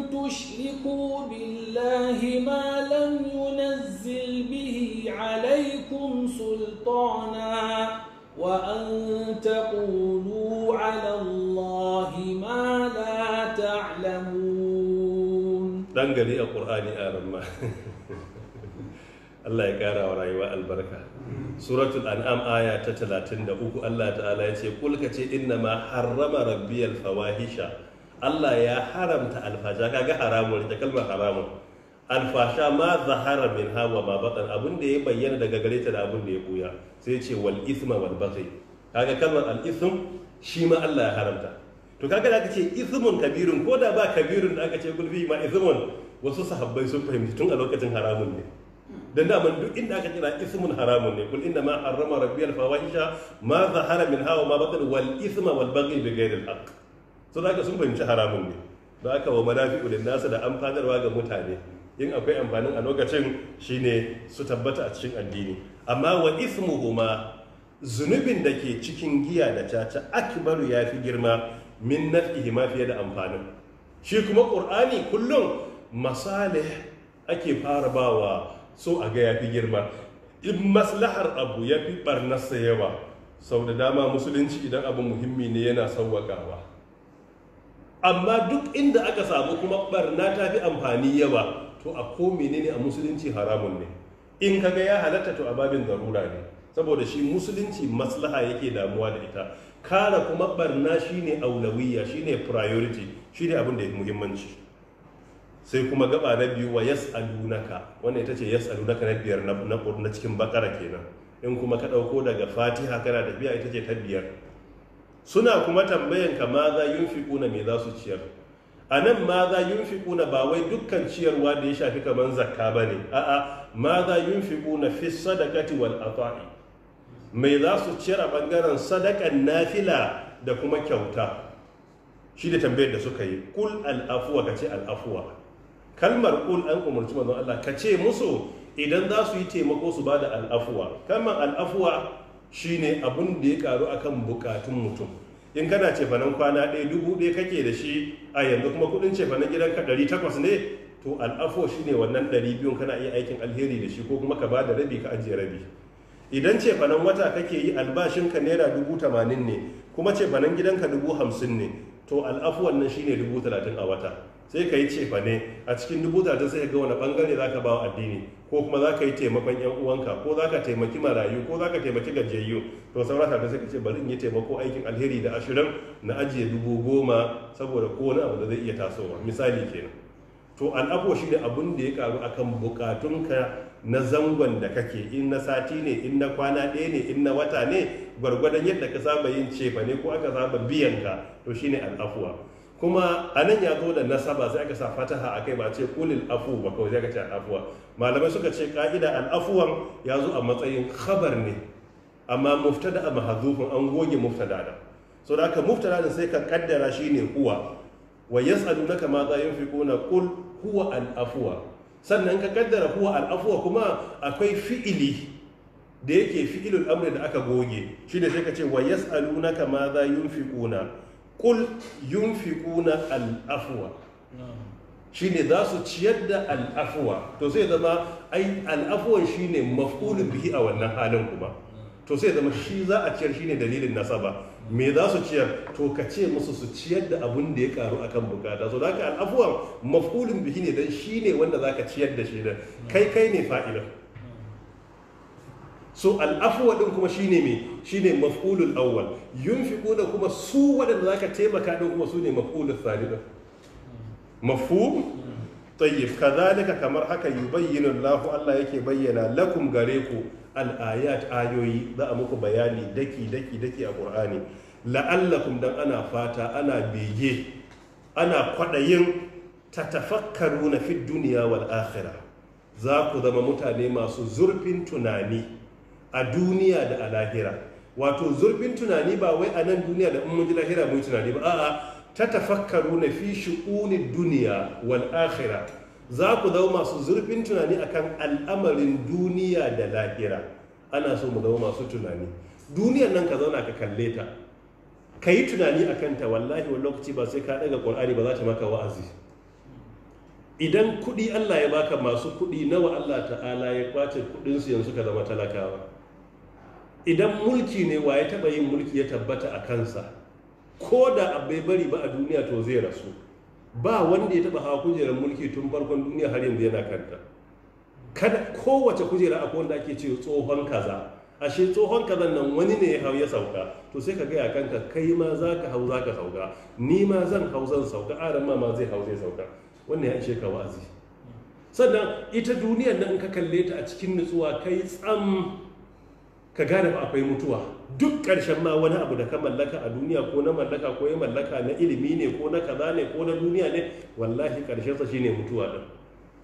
تشركوا بالله ما لم ينزل به عليكم سلطانا وأن تقولوا على الله ما لا تعلمون دنجلي القرآن آرما Allah ya ƙara wa rayuwa albarka. Suratul An'am aya ta talatin da uku, Allah ta'ala ya ce kul ka ce inna ma harrama rabbiyal fawahisha Allah ya haramta alfaja kaga haramun da kalmar haramun alfasha ma zahara min hawa ma baɗan abin da ya bayyana daga gare ta da abin da ya buya sai ce wal isma wal baghi kaga kalmar al ism shi ma Allah ya haramta to kaga da aka ce ismun kabirun ko da ba kabirun da aka ce gulbi ma ismun wasu sahabbai sun fahimci tun a lokacin haramun ne dan da duk inda aka kira ismun haramun ne kul inna ma harrama al fawahisha ma zahara min hawa ma baɗan wal isma wal baghi bi ghairi al haqq so da sun fahimci haramun ne da aka wa madafi'u lin nasa da fadarwa ga mutane in akwai amfanin a lokacin shine su tabbata a cikin addini amma wa ismuhuma zunubin da ke cikin giya da caca akbaru ya fi girma min nafihima fiye da amfanin shi kuma ƙur'ani kullum masalih ake fara bawa so a ga ya fi girma in maslahar abu ya fi barnarsa yawa sau da dama musulunci idan abu muhimmi ne yana sauwaƙawa amma duk inda aka samu kuma barna ta fi amfani yawa to a ko menene a musulunci haramun ne in kaga ya halatta to a babin zarura ne saboda shi musulunci maslaha yake damuwa da ita kara kuma barna shine aulawiya shine priority shine abin da ya muhimmanci sai kuma gaba na biyu wa yas'alunaka wannan ita ce yas'alunaka na biyar na cikin bakara kenan in kuma ka dauko daga fatiha kana tafiya ita ce ta biyar suna kuma tambayanka ka ma za yunfiquna me za su ciyar a nan ma za na ba wai dukkan ciyarwa da ya shafi kamar zakka ba ne a'a ma za na fi sadakati wal ata'i mai za su ciyar a ɓangaren sadakan nafila da kuma kyauta shi da tambayar da suka yi kul al'afuwa ka ce al'afuwa kalmar kul an umarci manzon Allah ka ce musu idan za su yi taimako su ba da al'afuwa kalmar al'afuwa shine abun da ya karu akan bukatun mutum in kana cefanen kwana ɗaya dubu ɗaya kake da shi a yanzu kuma kuɗin cefanen gidanka ɗari takwas ne to al'afo shi ne wannan ɗari biyun kana iya aikin alheri da shi ko kuma ka ba da rabi ka ajiye rabi idan cefanen wata kake yi albashin ka naira dubu tamanin ne kuma cefanen gidanka dubu hamsin ne to al'afuwan nan shine dubu talatin a wata sai ka yi cefane ne a cikin dubu talatin sai ga wani bangare za ka ba addini ko kuma za ka yi taimakon yan uwanka ko za ka taimaki marayu ko za ka taimaki gajiyayyu to saura ta sai ka ce bari in yi taimako aikin alheri da ashirin na ajiye dubu goma saboda ko wani abu da zai iya tasowa misali kenan to al'abo shi ne abun da ya karu akan bukatunka na zangon da kake in na sati ne in na kwana ɗaya ne in na wata ne gwargwadon yadda ka saba yin cefane ko aka saba biyan ka to shine al'afuwa kuma a nan ya zo da nasaba sai aka sa fataha a kai ba ce kulil afu ba kawai zai aka ce al'afuwa malamai suka ce ka'ida al'afuwan ya zo a matsayin khabar ne amma muftada a mahazufin an goge muftada da so da aka muftada da sai ka kaddara shi ne huwa wa ya na kama za kuna qul huwa al'afuwa sannan ka kaddara huwa al'afuwa kuma akwai fi'ili da yake fi'ilul amri da aka goge ne sai ka ce wa ya naka maza za kuna? kul kuna al'afuwa, shi ne za su ciyar da al'afuwa to sai zama ai al'afuwan ne maf'ulun bihi a wannan halin kuma to sai zama shi za a ciyar ne dalilin nasaba me za su ciyar to ka ce musu su ciyar da abun da ya karu kan bukata so zaka al'afuwan maf'ulun bihi ne dan ne wanda za ka ciyar da shi da kai kai ne fa'ilan so al'afuwa ɗin kuma shine me shine maf'ulul awwal yunfiquna kuma su waɗanda za ka taimaka don kuma su ne maf'ulul thani mafu mafhum tayyib kadhalika kamar haka yubayyinu Allahu Allah yake bayyana lakum gare ku al'ayat ayoyi za a muku bayani daki daki daki a Ƙur'ani. la'allakum dan ana fata ana bege ana kwadayin tatafakkaruna fid fi wal akhirah za ku zama mutane masu zurfin tunani a duniya da a lahira wato zurfin tunani ba wai a nan duniya da mun ji lahira mun tunani ba a'a ta tafakkaru na fi shu'uni duniya wal akhirah za ku zama masu zurfin tunani akan al'amarin duniya da lahira ana so mu zama masu tunani duniyar nan ka zauna ka kalle ta ka yi tunani a kanta wallahi wani lokaci ba sai ka daga ƙwar'ani ba za ta maka wa'azi idan kuɗi allah ya baka masu kuɗi nawa allah ta'ala ya kwace kuɗinsu yanzu ka zama talakawa idan mulki ne wa ya taba yin mulki ya tabbata a kansa ko da abai bari ba a duniya to zai rasu ba wanda ya taba hawa kujerar mulki tun farkon duniya har yanzu yana kanta kada kowace kujera akwai wanda ake ce tsohon kaza ashe tsohon kazan nan wani ne ya hau ya sauka to sai ka gaya kanka kai ma za ka hau za ka sauka ni ma zan hau zan sauka aran ma zai hau zai sauka wannan ya ishe ka wa'azi sannan ita duniyar nan in ka kalle ta a cikin nutsuwa kai tsam ka gane ba akwai mutuwa duk ƙarshen ma wani abu da ka mallaka a duniya ko na mallaka ko ya mallaka na ilimi ne ko na kaza ne ko na duniya ne wallahi ƙarshensa shine mutuwa din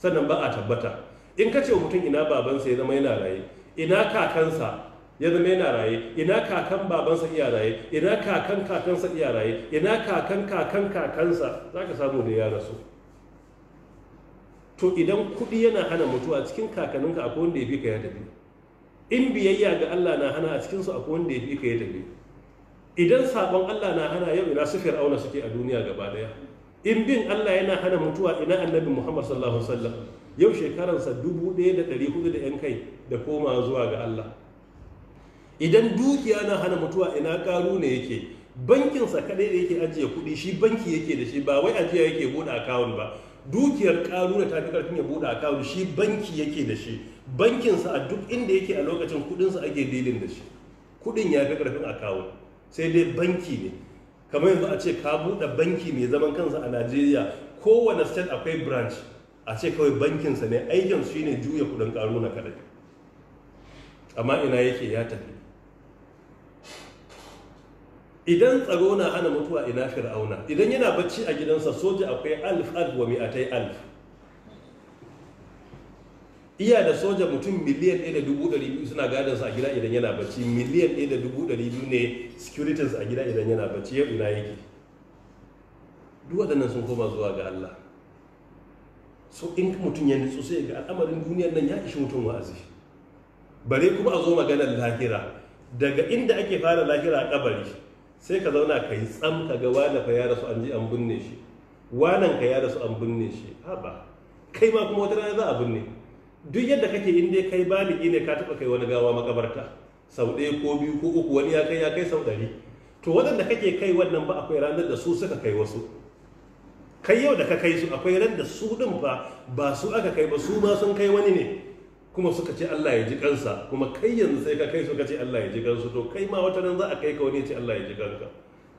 sannan ba a tabbata in ka ce mutum ina babansa ya zama yana raye ina kakansa ya zama yana raye ina kakan babansa iya raye ina kakan kakansa iya raye ina kakan kakan kakansa za ka samu da ya rasu to idan kuɗi yana hana mutuwa cikin kakaninka akwai wanda ya fi ka ya tafi in biyayya ga Allah na hana a cikin akwai wanda ya fi ka yi tafi idan sabon Allah na hana yau ina su fir'auna suke a duniya gaba daya in bin Allah yana hana mutuwa ina annabi Muhammad sallallahu alaihi wasallam yau shekaransa dubu ɗaya da ɗari hudu da yan kai da koma zuwa ga Allah idan dukiya na hana mutuwa ina karu ne yake bankinsa kadai da yake ajiye kuɗi shi banki yake da shi ba wai ajiya yake buɗe akawun ba dukiyar karu ta fi karfin ya buɗe akawun shi banki yake da shi bankinsa a duk inda yake a lokacin kudinsa ake dilin da shi kudin ya fi karfin a kawo sai dai banki ne kamar yanzu a ce ka buɗe banki mai zaman kansa a najeriya kowane state akwai branch a ce kawai bankinsa ne aikin shi ne juya kudin na kadai amma ina yake ya tafi idan tsaro na hana mutuwa ina fir'auna idan yana bacci a gidansa soja akwai alf alf wa mi'atai alf iya da soja mutum miliyan ɗaya da dubu ɗari biyu suna gadon su a gida idan yana bacci miliyan ɗaya da dubu ɗari biyu ne securities a gida idan yana bacci yau una yake duk waɗannan sun koma zuwa ga Allah so in mutum ya nutsu sai ga al'amarin duniyar nan ya ishi mutum wa'azi bare kuma a zo maganar lahira daga inda ake fara lahira a kabari sai ka zauna ka yi tsam ka ga wani fa ya rasu an ji an binne shi wanan ka ya rasu an binne shi haba kai ma kuma wata rana za a binne duk yadda kake in dai kai baligi ne ka taɓa kai wani gawa makabarta sau ɗaya ko biyu ko uku wani ya kai ya kai sau ɗari to waɗanda kake kai wannan ba akwai ranar da su suka kai wasu kai yau da ka kai su akwai ran da su ɗin fa ba su aka kai ba su ma sun kai wani ne kuma suka ce Allah ya ji kansa kuma kai yanzu sai ka kai su ka ce Allah ya ji kansu to kai ma wata nan za a kai ka wani ya ce Allah ya ji kanka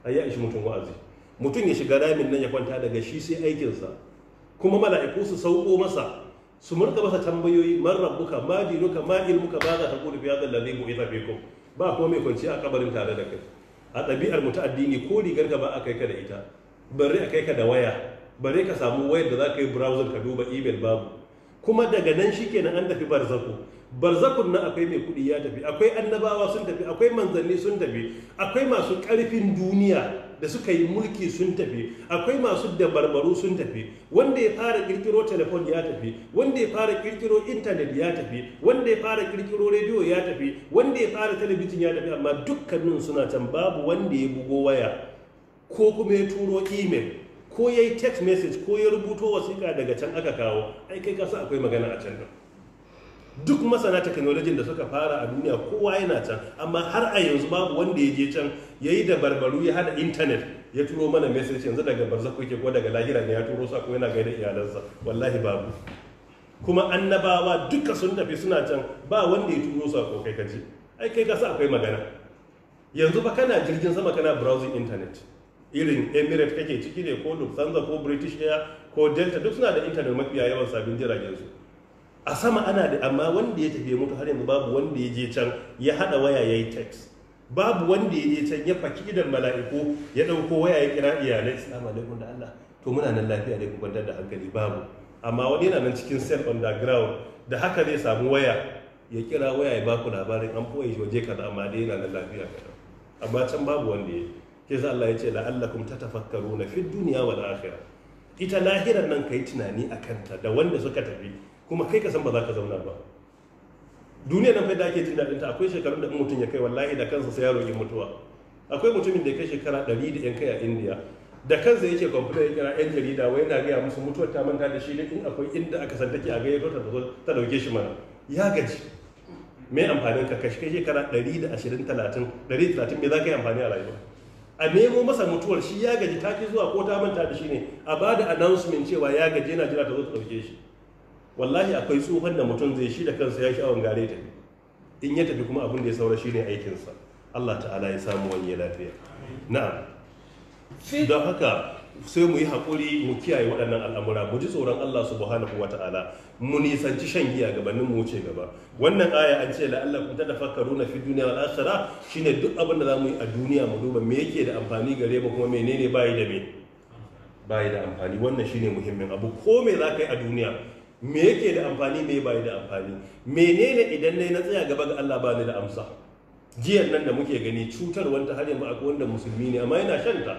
ai ya ishi mutum wa'azi mutum ya shiga ramin nan ya kwanta daga shi sai aikinsa kuma mala'iku su sauko masa su murka masa tambayoyi man rabbuka ma dinuka ma ilmuka ba za ta kudu fi hadha alladhi bu'itha fikum ba kuma mai kwanci a kabarin tare da kai a ɗabi'ar mu ta addini ko rigar ka ba a kai ka da ita bare a kai ka da waya bare ka samu wayar da za ka yi browser ka duba email babu kuma daga nan shi kenan an tafi barzaku barzakun nan akwai mai kuɗi ya tafi akwai annabawa sun tafi akwai manzanni sun tafi akwai masu ƙarfin duniya da suka yi mulki sun tafi akwai masu dabarbaru sun tafi wanda ya fara kirkiro telefon ya tafi wanda ya fara kirkiro intanet ya tafi wanda ya fara kirkiro rediyo ya tafi wanda ya fara talabijin ya tafi amma dukkanin suna can babu wanda ya bugo waya ko kuma ya turo email ko ya yi text message ko ya rubuto wasiƙa daga can aka kawo ai kai kasa akwai magana a can nan duk masana teknolojin da suka fara a duniya kowa yana can amma har a yanzu babu wanda ya je can ya yi da barbaru ya hada intanet ya turo mana message yanzu daga barzakhu yake ko daga lahira ne ya turo sa ko yana gaida iyalansa wallahi babu kuma annabawa duka sun tafi suna can ba wanda ya turo sa ko kai kaji ai kai ka sa akwai magana yanzu fa kana jirgin sama kana browsing internet irin emirates kake ciki ne ko lufthansa ko british air ko delta duk suna da intanet mafiya yawan sabbin jiragen su a sama ana da amma wanda ya tafi mutu har yanzu babu wanda ya je can ya hada waya ya yi text babu wanda ya je can ya faki idan mala'iku ya dauko waya ya kira iyalai islam alaikum da Allah to muna nan lafiya da kwantar da hankali babu amma wani yana nan cikin cell underground da haka zai samu waya ya kira waya ya baku labarin an foye shi waje kaza amma dai yana nan lafiya kaza amma can babu wanda ya ke sa Allah ya ce la'allakum tatafakkaruna fi duniya wa akhirah ita lahirar nan ka yi tunani a kanta, da wanda suka tafi kuma kai ka san ba za ka zauna ba duniya nan fa da ake jin daɗin ta akwai shekarun da mutum ya kai wallahi da kansa sai yaro ya mutuwa akwai mutumin da ya kai shekara ɗari da yan kai a indiya da kansa yake kwamfuta ya kira yan jarida wai yana gaya musu mutuwar ta manta da shi ne in akwai inda aka san take a gayyato ta zo ta dauke shi mana ya gaji me amfanin ka kashi kai shekara da ashirin 120 da talatin me za ka yi amfani a rayuwa a nemo masa mutuwar shi ya gaji ta ke zuwa ko ta manta da shi ne a bada announcement cewa ya gaji yana jira ta zo ta dauke shi wallahi akwai tsohon da mutum zai shi da kansa ya sha gare ta in ya tafi kuma abin da ya saura shi ne aikinsa allah ta'ala ya samu wani ya lafiya na'am don haka sai mu yi haƙuri mu kiyaye waɗannan al'amura mu ji tsoron Allah subhanahu Kuwa ta'ala mu nisanci shan giya gabanin mu wuce gaba wannan aya an ce la'allakum na fi duniya wal shi shine duk abin da za mu yi a duniya mu duba me yake da amfani gare mu kuma menene bayi da me bayi da amfani wannan shine muhimmin abu ko me ka yi a duniya me yake da amfani me ba da amfani menene idan ne na tsaya gaba ga Allah ba ni da amsa jiyan nan da muke gani cutar wanta har yanzu akwai wanda musulmi ne amma yana shan ta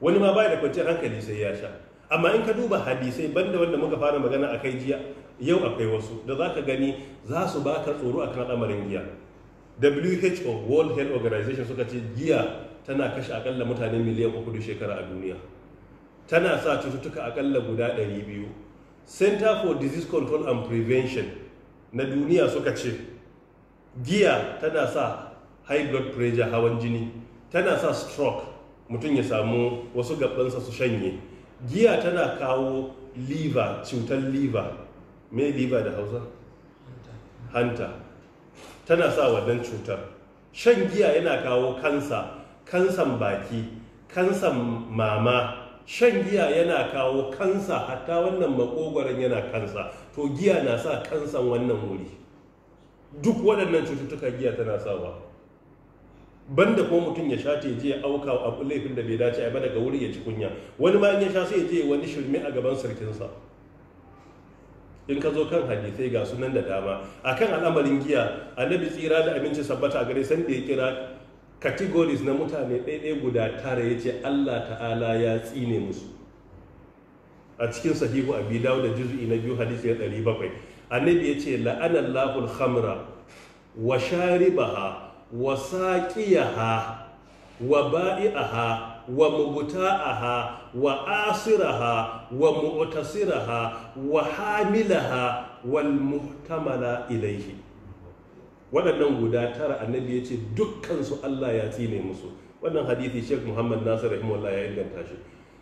wani ma bai da kwanciyar hankali sai ya sha amma in ka duba hadisai banda wanda muka fara magana akai jiya yau akwai wasu da za ka gani za su baka tsoro a kan al'amarin giya WHO World Health Organization suka ce giya tana kashe akalla mutane miliyan uku shekara a duniya tana sa cututtuka akalla guda ɗari biyu. center for disease control and prevention na duniya suka ce giya tana sa high blood pressure hawan jini tana sa stroke mutum ya samu wasu gabansa su shanye giya tana kawo liver cutar liver me liver da hausa hanta tana sa wannan cutar shan giya yana kawo kansa kansan baki kansan mama shan giya yana kawo kansa hatta wannan makogwaron yana kansa to giya na sa kansan wannan wuri duk waɗannan cututtuka giya tana sawa banda kuma mutum ya sha te je auka a laifin da bai dace ba daga wuri ya ci kunya wani ma ya sha sai ya je wani shirme a gaban sarkinsa in ka zo kan hadisai ga sunan da dama akan al'amarin giya annabi tsira da abinci sabbata a gare san da ya kira categories na mutane ɗaiɗai guda tara ya ce Allah ta'ala ya tsine musu a cikin sahihu abi da juz'i na biyu hadisi ya ɗari bakwai annabi ya ce la'anar lahul hamra wa sharibaha wa saƙiyaha wa ba'i'aha wa mugutaaha wa asiraha wa mu'tasiraha wa hamilaha wal muhtamala ilaihi. waɗannan guda tara annabi ya ce dukkansu Allah ya tsine musu wannan hadithi Sheikh Muhammad Nasir rahimahullah ya inganta shi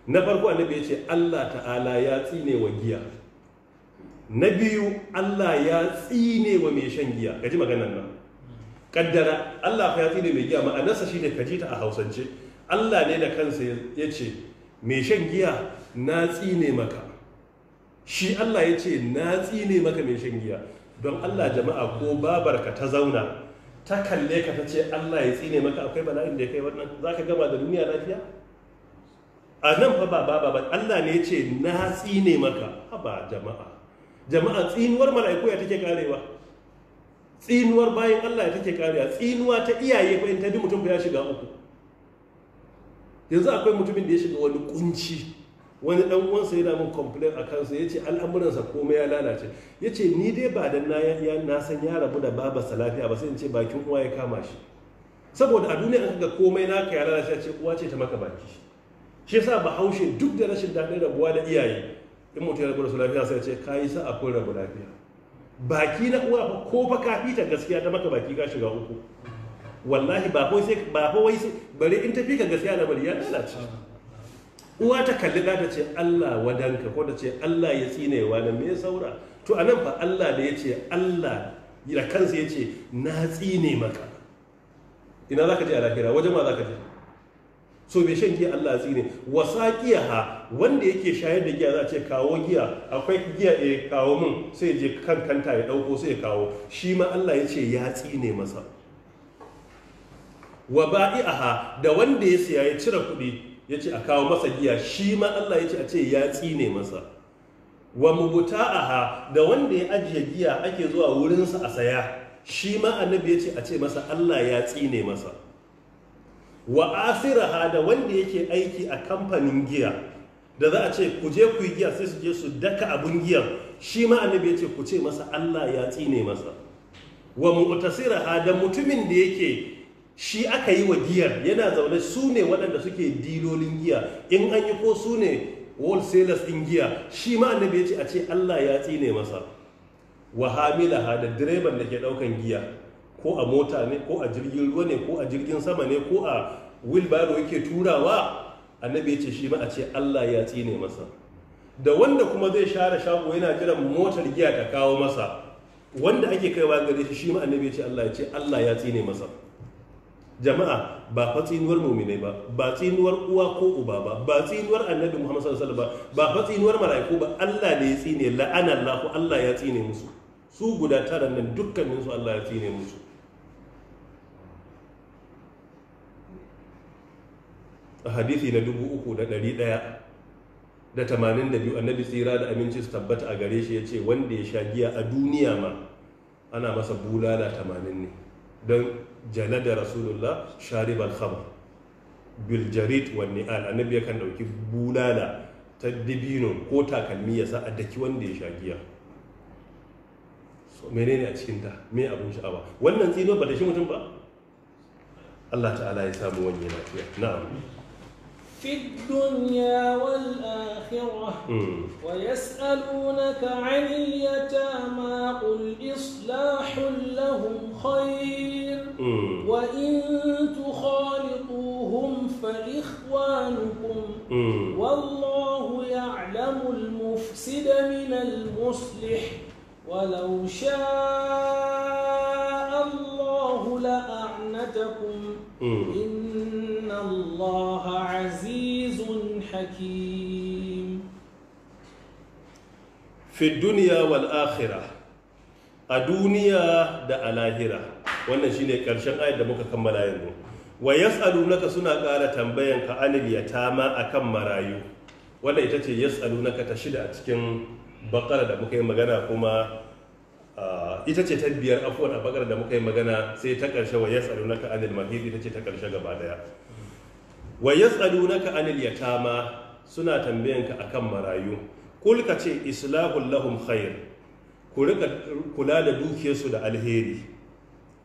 na farko annabi ya ce Allah ta'ala ya tsine wa giya na biyu Allah ya tsine wa mai shan giya gaji maganar nan kaddara Allah ya tsine mai giya ma'anarsa shine kaji ta a Hausance Allah ne da kansa ya ce mai shan giya na tsine maka shi Allah ya ce na tsine maka mai shan giya don Allah jama'a ko babarka ta zauna ta kalle ka ta ce Allah ya tsine maka akwai bala'in da ya kai wannan za ka gama da duniya lafiya a nan fa ba ba ba Allah ne ya ce na tsine maka haba jama'a jama'a tsinuwar mala'iku ya take karewa tsinuwar bayan Allah ya take karewa tsinuwa ta iyaye ko in ta bi mutum ya shiga uku yanzu akwai mutumin da ya shiga wani kunci wani dan uwansa yana min complain a kansa ya ce al'amuransa komai ya lalace ya ce ni dai ba da na san ya rabu da baba salafiya ba sai in ce bakin uwa ya kama shi saboda a duniya an ga komai naka ya lalace ce uwa ce ta maka baki shi yasa bahaushe duk da rashin daɗin rabuwa da iyaye in mutum ya rabu da salafiya lafiya sai ce kayi sa kun rabu lafiya baki na uwa ko fa ka fita gaskiya ta maka baki ka shiga uku wallahi ba ko sai ba ko wai bare in tafi ka gaskiya da bari ya lalace uwa ta kalli ta ce Allah wadanka ko ta ce Allah ya tsinewa na me saura to a nan fa Allah da ya ce Allah da kansa ya ce na tsine maka ina za ka je a lahira wajen ma za ka je so bai shan giya Allah tsine wasa giya ha wanda yake shayar da giya za a ce kawo giya akwai giya ya eh, kawo mun sai je kan kanta ya dauko sai ya kawo shi ma Allah ya ce ya tsine masa wa ba'i'aha da wanda ya siya ya cire kuɗi ya ce a kawo masa giya shi ma Allah ya ce a ce ya tsine masa wa mubuta'aha da wanda ya ajiye giya ake zuwa wurinsa a saya shi ma annabi ya ce a ce masa Allah ya tsine masa wa asiraha da wanda yake aiki a kamfanin giya da za a ce ku je ku yi giya sai su je su daka abun giyan shi ma annabi ya ce ku ce masa Allah ya tsine masa wa mu'tasiraha da mutumin da yake shi aka yi wa giyar yana zaune su ne waɗanda suke dilolin giya in an yi ko su ne wholesalers in giya shi ma annabi ya ce a ce Allah ya tsine masa wa ha da direban da ke ɗaukan giya ko a mota ne ko a jirgin ruwa ne ko a jirgin sama ne ko a wilbaro yake turawa annabi ya ce shi ma a ce Allah ya tsine masa da wanda kuma zai share shago yana jiran motar giya ta kawo masa wanda ake kaiwa gare shi shi ma annabi ya ce Allah ya ce Allah ya tsine masa jama'a ba fa tsinuwar muminai ba ba tsinuwar uwa ko uba ba ba tsinuwar annabi muhammad sallallahu alaihi wasallam ba ba fa tsinuwar mala'iku ba Allah ne ya tsine la'ana Allah Allah ya tsine musu su guda tara nan dukkanin su Allah ya tsine musu a hadisi na dubu uku da ɗari ɗaya da tamanin da biyu annabi tsira da aminci su tabbata a gare shi ya ce wanda ya sha giya a duniya ma ana masa bulala tamanin ne don da rasulullah sharibal khamr bil wa ni'al annabi yakan dauki bulala ta dibino ko takalmi ya sa a daki wanda ya sha giya so menene a cikin ta me abun sha'awa wannan tsino ba da shi mutum ba Allah ta'ala ya samu wani lafiya na'am في الدنيا والآخرة ويسألونك عن اليتامى قل إصلاح لهم خير وإن تخالطوهم فإخوانكم والله يعلم المفسد من المصلح ولو شاء الله لأعنتكم إن الله حكيم في الدنيا والآخرة الدنيا دا الآخرة wannan shine ƙarshen ayar da muka kammala yanzu wa yas'alunaka suna ƙara tambayan ka anil yatama akan marayu wanda ita ce yas'alunaka ta shida a cikin bakara da muka yi magana kuma ita ce ta biyar afuwar a bakara da muka yi magana sai ta ƙarshe wa yas'alunaka anil mahid ita ce ta ƙarshe gaba ɗaya? wa yas'alunaka anil yatama suna tambayanka akan marayu kul ka ce islahul lahum khair ku rika kula da dukiyarsu da alheri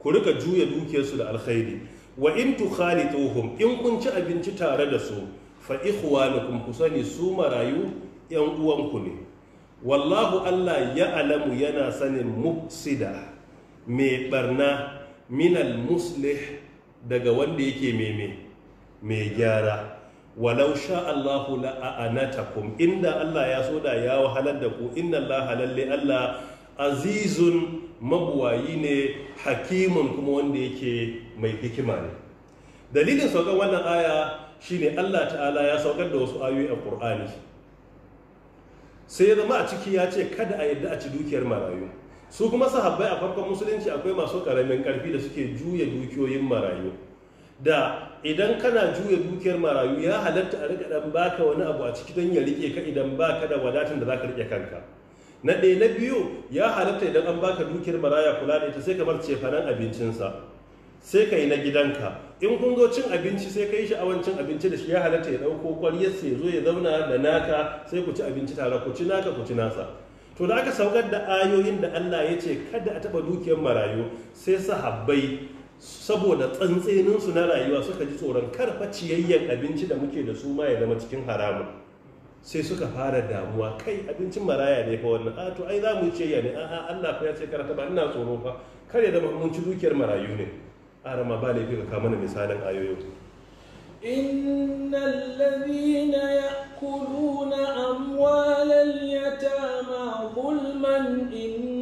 ku rika juya dukiyarsu da alheri wa in tukhalituhum in kun ci abinci tare da su fa ikhwanukum kusa su marayu yan uwanku ne wallahu Allah ya alamu yana sanin mufsida mai barna minal muslih daga wanda yake meme mai gyara walau sha Allahu la'anatakum inda Allah ya so da ya wahalar da ku inna Allah lalle Allah azizun mabuwayi ne hakimun kuma wanda yake mai hikima ne dalilin saukar wannan aya shine Allah ta'ala ya saukar da wasu ayoyi a Qur'ani sai ya zama a ciki ya ce kada a yadda a ci dukiyar marayu su kuma sahabbai a farkon musulunci akwai masu ƙaramin ƙarfi da suke juya dukiyoyin marayu da idan kana juya dukiyar marayu ya halatta a rika dan baka wani abu a ciki don ya rike ka idan baka da wadatin da zaka rike kanka na ɗaya na biyu ya halatta idan an baka dukiyar maraya kula da ita sai kamar cefanen abincinsa sai ka yi na gidanka in kun zo cin abinci sai ka yi sha'awar cin abinci da shi ya halatta ya ɗauko sai ya zo ya zauna da naka sai ku ci abinci tare ku ci naka ku ci nasa to da aka saukar da ayoyin da Allah ya ce kada a taɓa dukiyar marayu sai sahabbai saboda tsantseninsu na rayuwa suka ji tsoron karfa ciyayyen abinci da muke da su ma ya zama cikin haramun sai suka fara damuwa kai abincin maraya ne fa wannan a ah, to ai za mu ciyayya ne a'a Allah fa ya ce karata ba ina tsoro fa kar ya zama mun dukiyar marayu ne arama ma ba fi ka mana misalin ayoyin إن الذين يأكلون أموال yatama zulman inna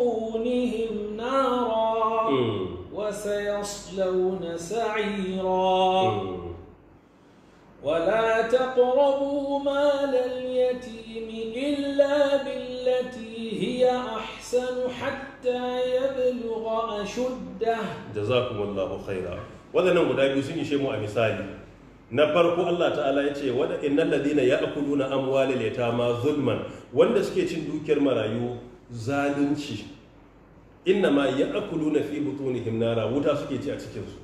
بطونهم نارا وسيصلون سعيرا ولا تقربوا مال اليتيم إلا بالتي هي أحسن حتى يبلغ أشده جزاكم الله خيرا waɗannan guda biyu sun ishe mu a misali na farko Allah ta'ala ya ce innal ladina ya'kuluna amwalil yatama zulman wanda suke cin dukiyar marayu zalunci inna ma ya akulu na fi butunihim nara wuta suke ci a cikinsu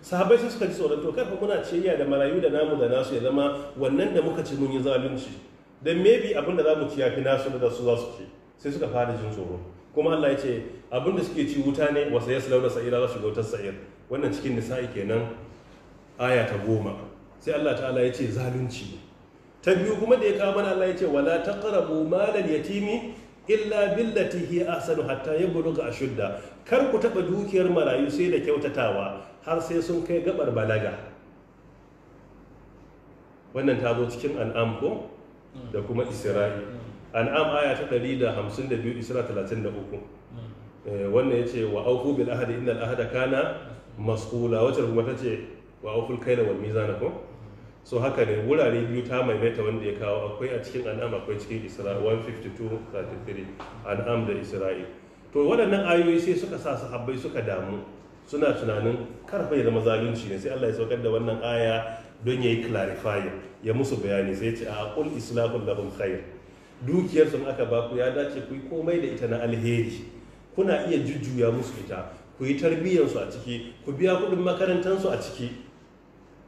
sahabai sai suka ji tsoron to karfa muna ciyayya da marayu da namu da nasu ya zama wannan da muka ci mun yi zalunci dan maybe abin da za mu ci ya fi nasu da su za su ci sai suka fara jin tsoro kuma Allah ya ce abin da suke ci wuta ne wasa ya da sa'ira za su ga wutar sa'ir wannan cikin nisa'i kenan aya ta goma sai Allah ta'ala ya ce zalunci ta biyu kuma da ya kawo mana Allah ya ce wala taqrabu malal yatimi illa billati hi ahsanu hatta yabluga ashudda kar ku taba dukiyar marayu sai da kyautatawa har sai sun kai gabar balaga wannan ta zo cikin an'am ko da kuma isra'i an'am aya ta 152 isra 33 eh, wannan yace wa aufu bil ahdi innal ahda kana masqula wacce kuma tace wa auful kayla wal mizana ko so haka ne wurare biyu ta maimaita wanda ya kawo akwai a cikin an'am akwai cikin isra'i 152-33 an'am da isra'il to waɗannan ayoyi sai suka sa sahabbai suka damu suna tunanin karfe da mazalunci ne sai Allah ya saukar da wannan aya don ya yi clarify ya musu bayani sai ce a kul islahul lahum khair dukiyar sun aka baku ya dace ku yi komai da ita na alheri kuna iya jujjuya musu ita ku yi su a ciki ku biya kuɗin makarantarsu a ciki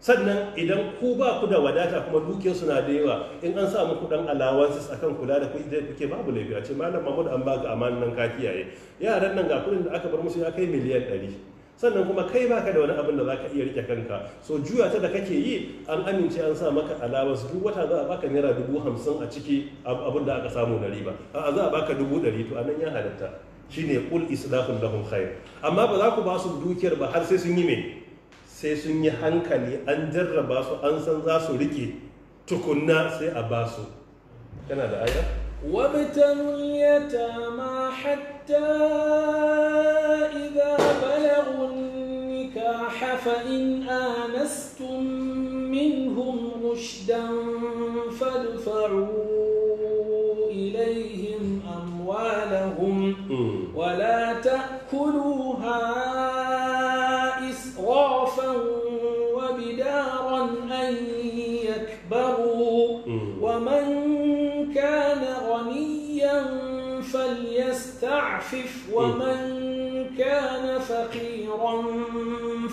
sannan idan ku ba ku da wadata kuma dukiyarsu na da yawa in an samu kuɗin allowances akan kula da kuɗi da kuke babu laifi a ce malam mahmud an baka amanan nan ka kiyaye yaran nan ga kudin da aka bar musu ya kai miliyan ɗari sannan kuma kai baka da wani abin da zaka iya rike kanka so juya ta da kake yi an amince an sa maka allowance duk wata za a baka naira dubu hamsin a ciki abin da aka samu na riba a za a baka dubu ɗari to a nan ya halatta shine kul islahun lahum khair amma ba za ku ba su dukiyar ba har sai sun yi me. sai sun yi hankali an jarraba su an san za su rike tukunna sai a ba su yana da aya? wabitan ya ta ma hatta iga balagunni ka hafa in anastun minhum rushdan falfaru ilaihim amwalahum hmm. wala ta kuluha فليستعفف ومن كان فقيرا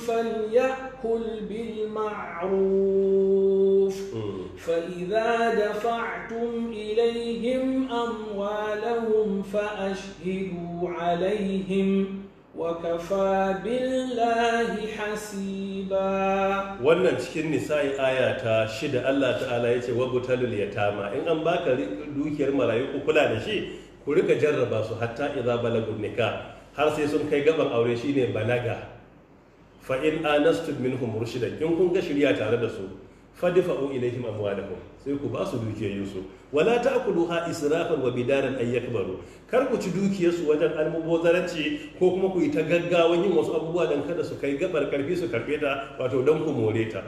فليأكل بالمعروف فإذا دفعتم إليهم أموالهم فأشهدوا عليهم وكفى بالله حسيبا wannan cikin nisa'i aya ta shida Allah ta'ala ya ce wa butalul yatama in an baka dukiyar marayu kula da shi ku rika jarraba su hatta idza balagun nikah har sai sun kai gaban aure shine balaga fa in anastu minhum rushdan in kun ga shirya tare da su fadfa'u ilaihim amwalakum sai ku ba su dukiyoyin su wala ta'kuluha israfan wa bidaran an yakbaru kar ku ci dukiyarsu su wajen almubozaranci ko kuma ku yi ta gaggawa yin wasu abubuwa dan kada su kai gabar karfi su karfe ta wato dan ku more ta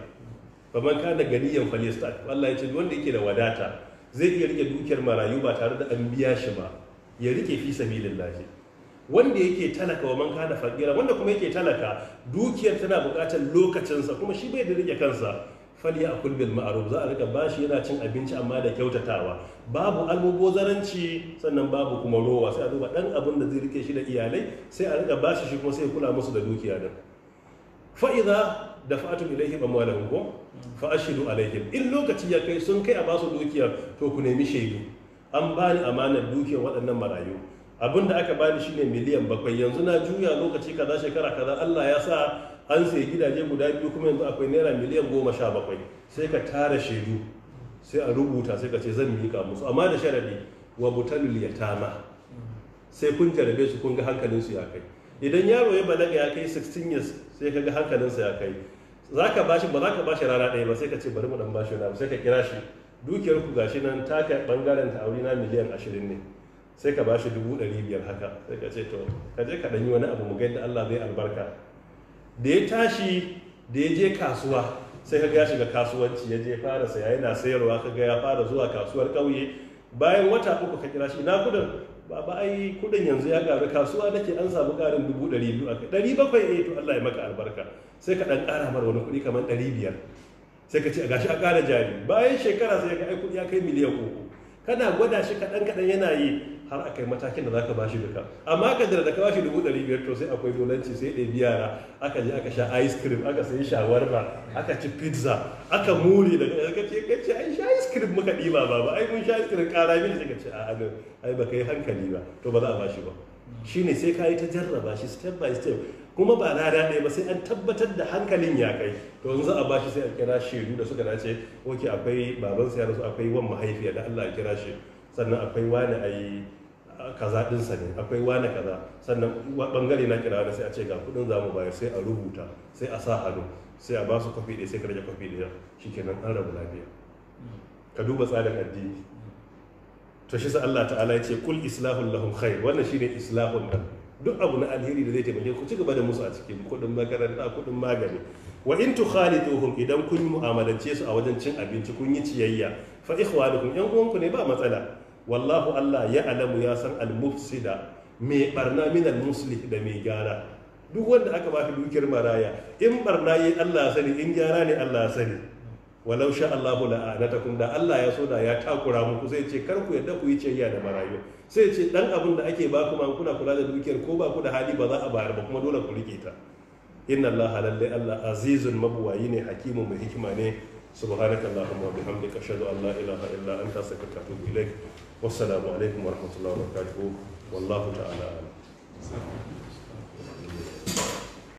faman kana ganiyan falistat Allah ya ce wanda yake da wadata zai iya rike dukiyar marayu ba tare da an biya shi ba ya rike fi sabilillahi wanda yake talaka wa man kana fakira wanda kuma yake talaka dukiyar tana bukatar lokacinsa kuma shi bai da rike kansa falya a bil ma'ruf za a rika bashi yana cin abinci amma da kyautatawa babu albubo zaranci sannan babu kuma rowa sai a duba dan abin da zai rike shi da iyalai sai a rika bashi shi kuma sai kula musu da dukiya da fa idza dafa'tum ilayhim amwalahum fa ashhadu alaihim in lokaci ya kai sun kai a basu dukiyar to ku nemi shaidu an ba ni amanar dukiyar waɗannan marayu abin da aka bani shine miliyan bakwai yanzu na juya lokaci kaza shekara kaza Allah ya sa an sai gidaje guda biyu kuma yanzu akwai naira miliyan goma sha bakwai sai ka tara shaidu sai a rubuta sai ka ce zan miƙa musu amma da sharadi wa butalul yatama sai kun tarbe su kun ga hankalin su ya kai idan yaro ya balaga ya kai 16 years sai ka ga hankalin sa ya kai zaka bashi ba zaka bashi rana ɗaya ba sai ka ce bari mu dan bashi rana sai ka kira shi dukiyar ku gashi nan ta kai bangaren ta aure na miliyan ashirin ne sai ka bashi dubu ɗari biyar haka sai ka ce to ka je ka ɗanyi wani abu mu ga yadda Allah zai albarka da ya tashi da ya je kasuwa sai ka ga shiga kasuwanci ya je fara saya yana sayarwa ka ga ya fara zuwa kasuwar kauye. bayan wata uku ka kira shi na kudin ba ba ai kudin yanzu ya karu kasuwa nake an samu karin dubu ɗari biyu a ɗari bakwai eh to Allah ya maka albarka sai ka ɗan ƙara mar wani kuɗi kamar ɗari biyar sai ka ce gashi a ƙara jari bayan shekara sai kuɗi ya kai miliyan uku kana gwada shi kaɗan kaɗan yana yi har a kai matakin da za ka bashi duka amma ka da ka bashi dubu ɗari biyar to sai akwai dolanci sai ɗaya yara aka je aka sha ice cream aka sayi shawarma aka ci pizza aka muri da ka ce ka ce ai sha ice cream muka ɗiba ba ba ai mun sha ice cream ƙara mini sai ka ce a'a ai ba ka yi hankali ba to ba za a bashi ba shine sai ka yi ta jarraba shi step by step kuma ba na daɗe ba sai an tabbatar da hankalin ya kai to yanzu a bashi sai a kira shedu da suka dace oke akwai baban sa rasu akwai wan mahaifiya da Allah ya kira shi sannan akwai wani ayi kaza sa ne akwai wani kaza sannan bangare na kira sai a ce ga kuɗin zamu bayar sai a rubuta sai a sa hannu sai a ba su kwafi ɗaya sai ka rage kwafi ɗaya shikenan an rabu lafiya ka duba tsarin addini to shi sa Allah ta'ala ya ce kul islahun lahum khair wannan shine islahun lahum duk abu na alheri da zai taimake ku ci gaba da musu a cikin kuɗin makaranta kuɗin magani wa in tukhalituhum idan kun yi mu'amalance su a wajen cin abinci kun yi ciyayya fa ikhwanukum yan uwanku ne ba matsala wallahu Allah ya alamu ya san al-mufsida mai barna min al-muslih da mai gyara duk wanda aka ba dukiyar maraya in barna yi Allah sani in gyara ne Allah sani walau sha Allahu la'anatakum da Allah ya so da ya takura muku zai ce kar ku yadda ku yi ciyayya da marayu sai ce dan abin da ake ba ku kuna kula da dukiyar ko ba ku da hali ba za a bayar ba kuma dole ku rike ta inna Allah lalle Allah azizun mabuwayi ne hakimu mai hikima ne subhanaka wa bihamdika ashhadu an la ilaha illa anta astaghfiruka wa atubu ilaik wassalamu alaikum wa rahmatullahi wa barakatuh wallahu ta'ala